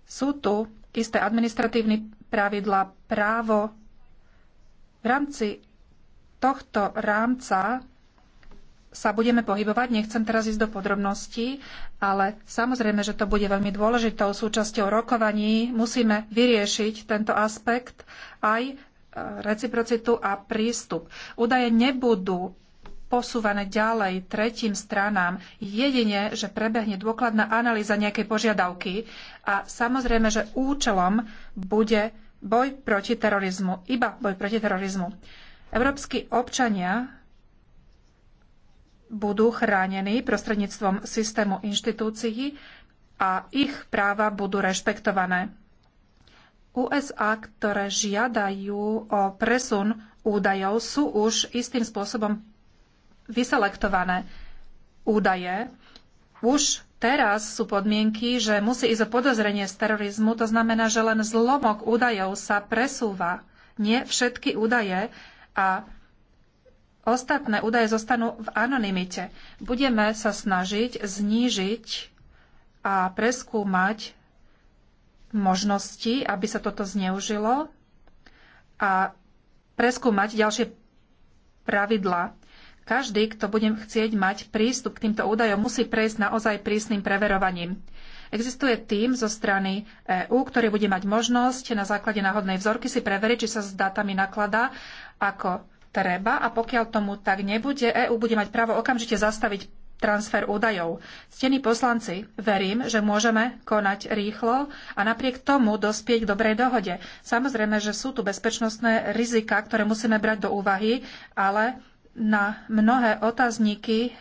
Sú tu isté administratívne pravidla, právo. V rámci tohto rámca sa budeme pohybovať. Nechcem teraz ísť do podrobností, ale samozrejme, že to bude veľmi dôležitou súčasťou rokovaní. Musíme vyriešiť tento aspekt aj e, reciprocitu a prístup. Údaje nebudú posúvané ďalej tretím stranám jedine, že prebehne dôkladná analýza nejakej požiadavky a samozrejme, že účelom bude boj proti terorizmu, iba boj proti terorizmu. Európsky občania budú chránení prostredníctvom systému inštitúcií a ich práva budú rešpektované. USA, ktoré žiadajú o presun údajov, sú už istým spôsobom vyselektované údaje. Už teraz sú podmienky, že musí ísť o podozrenie z terorizmu, to znamená, že len zlomok údajov sa presúva, nie všetky údaje a Ostatné údaje zostanú v anonimite. Budeme sa snažiť znížiť a preskúmať možnosti, aby sa toto zneužilo a preskúmať ďalšie pravidla. Každý, kto bude chcieť mať prístup k týmto údajom, musí prejsť naozaj prísnym preverovaním. Existuje tým zo strany EÚ, ktorý bude mať možnosť na základe náhodnej vzorky si preveriť, či sa s dátami nakladá ako treba a pokiaľ tomu tak nebude, EÚ bude mať právo okamžite zastaviť transfer údajov. Stení poslanci, verím, že môžeme konať rýchlo a napriek tomu dospieť k dobrej dohode. Samozrejme, že sú tu bezpečnostné rizika, ktoré musíme brať do úvahy, ale na mnohé otázniky,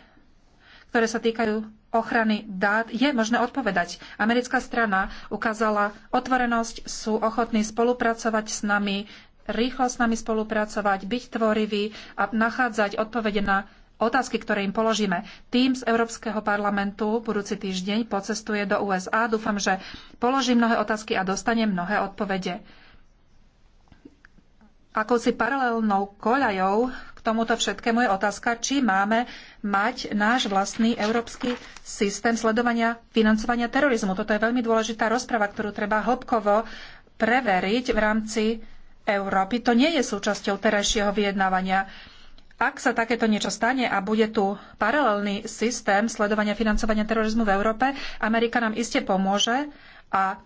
ktoré sa týkajú ochrany dát, je možné odpovedať. Americká strana ukázala otvorenosť, sú ochotní spolupracovať s nami rýchlo s nami spolupracovať, byť tvoriví a nachádzať odpovede na otázky, ktoré im položíme. Tým z Európskeho parlamentu budúci týždeň pocestuje do USA. Dúfam, že položí mnohé otázky a dostane mnohé odpovede. Akousi paralelnou koľajou k tomuto všetkému je otázka, či máme mať náš vlastný európsky systém sledovania financovania terorizmu. Toto je veľmi dôležitá rozprava, ktorú treba hlbkovo preveriť v rámci Európy. To nie je súčasťou terajšieho vyjednávania. Ak sa takéto niečo stane a bude tu paralelný systém sledovania financovania terorizmu v Európe, Amerika nám iste pomôže a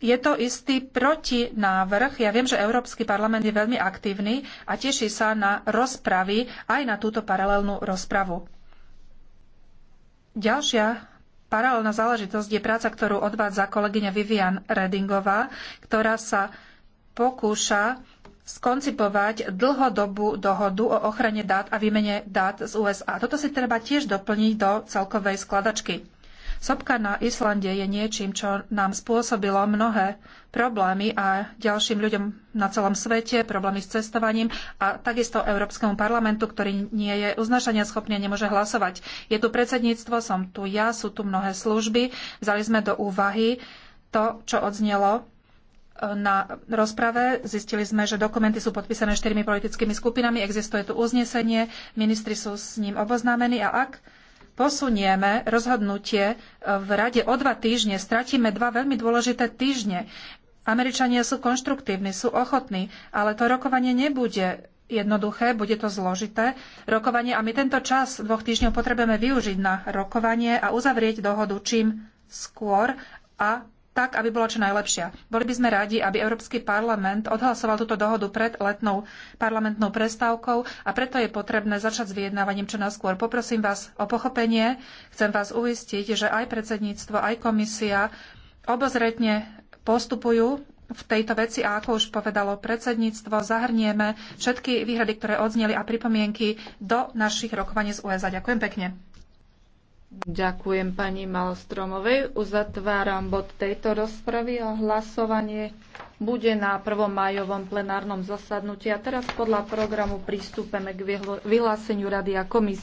je to istý protinávrh. Ja viem, že Európsky parlament je veľmi aktívny a teší sa na rozpravy aj na túto paralelnú rozpravu. Ďalšia paralelná záležitosť je práca, ktorú odvádza kolegyňa Vivian Redingová, ktorá sa pokúša skoncipovať dlhodobú dohodu o ochrane dát a výmene dát z USA. Toto si treba tiež doplniť do celkovej skladačky. Sopka na Islande je niečím, čo nám spôsobilo mnohé problémy a ďalším ľuďom na celom svete, problémy s cestovaním a takisto Európskemu parlamentu, ktorý nie je uznašania schopný a nemôže hlasovať. Je tu predsedníctvo, som tu ja, sú tu mnohé služby. Vzali sme do úvahy to, čo odznelo na rozprave. Zistili sme, že dokumenty sú podpísané štyrmi politickými skupinami, existuje tu uznesenie, ministri sú s ním oboznámení a ak posunieme rozhodnutie e, v rade o dva týždne, stratíme dva veľmi dôležité týždne. Američania sú konštruktívni, sú ochotní, ale to rokovanie nebude jednoduché, bude to zložité rokovanie a my tento čas dvoch týždňov potrebujeme využiť na rokovanie a uzavrieť dohodu čím skôr a tak, aby bola čo najlepšia. Boli by sme radi, aby Európsky parlament odhlasoval túto dohodu pred letnou parlamentnou prestávkou a preto je potrebné začať s vyjednávaním čo najskôr. Poprosím vás o pochopenie. Chcem vás uistiť, že aj predsedníctvo, aj komisia obozretne postupujú v tejto veci a ako už povedalo predsedníctvo, zahrnieme všetky výhrady, ktoré odzneli a pripomienky do našich rokovaní z USA. Ďakujem pekne. Ďakujem pani Malostromovej. Uzatváram bod tejto rozpravy a hlasovanie bude na 1. majovom plenárnom zasadnutí. A teraz podľa programu pristúpeme k vyhláseniu Rady a komisie.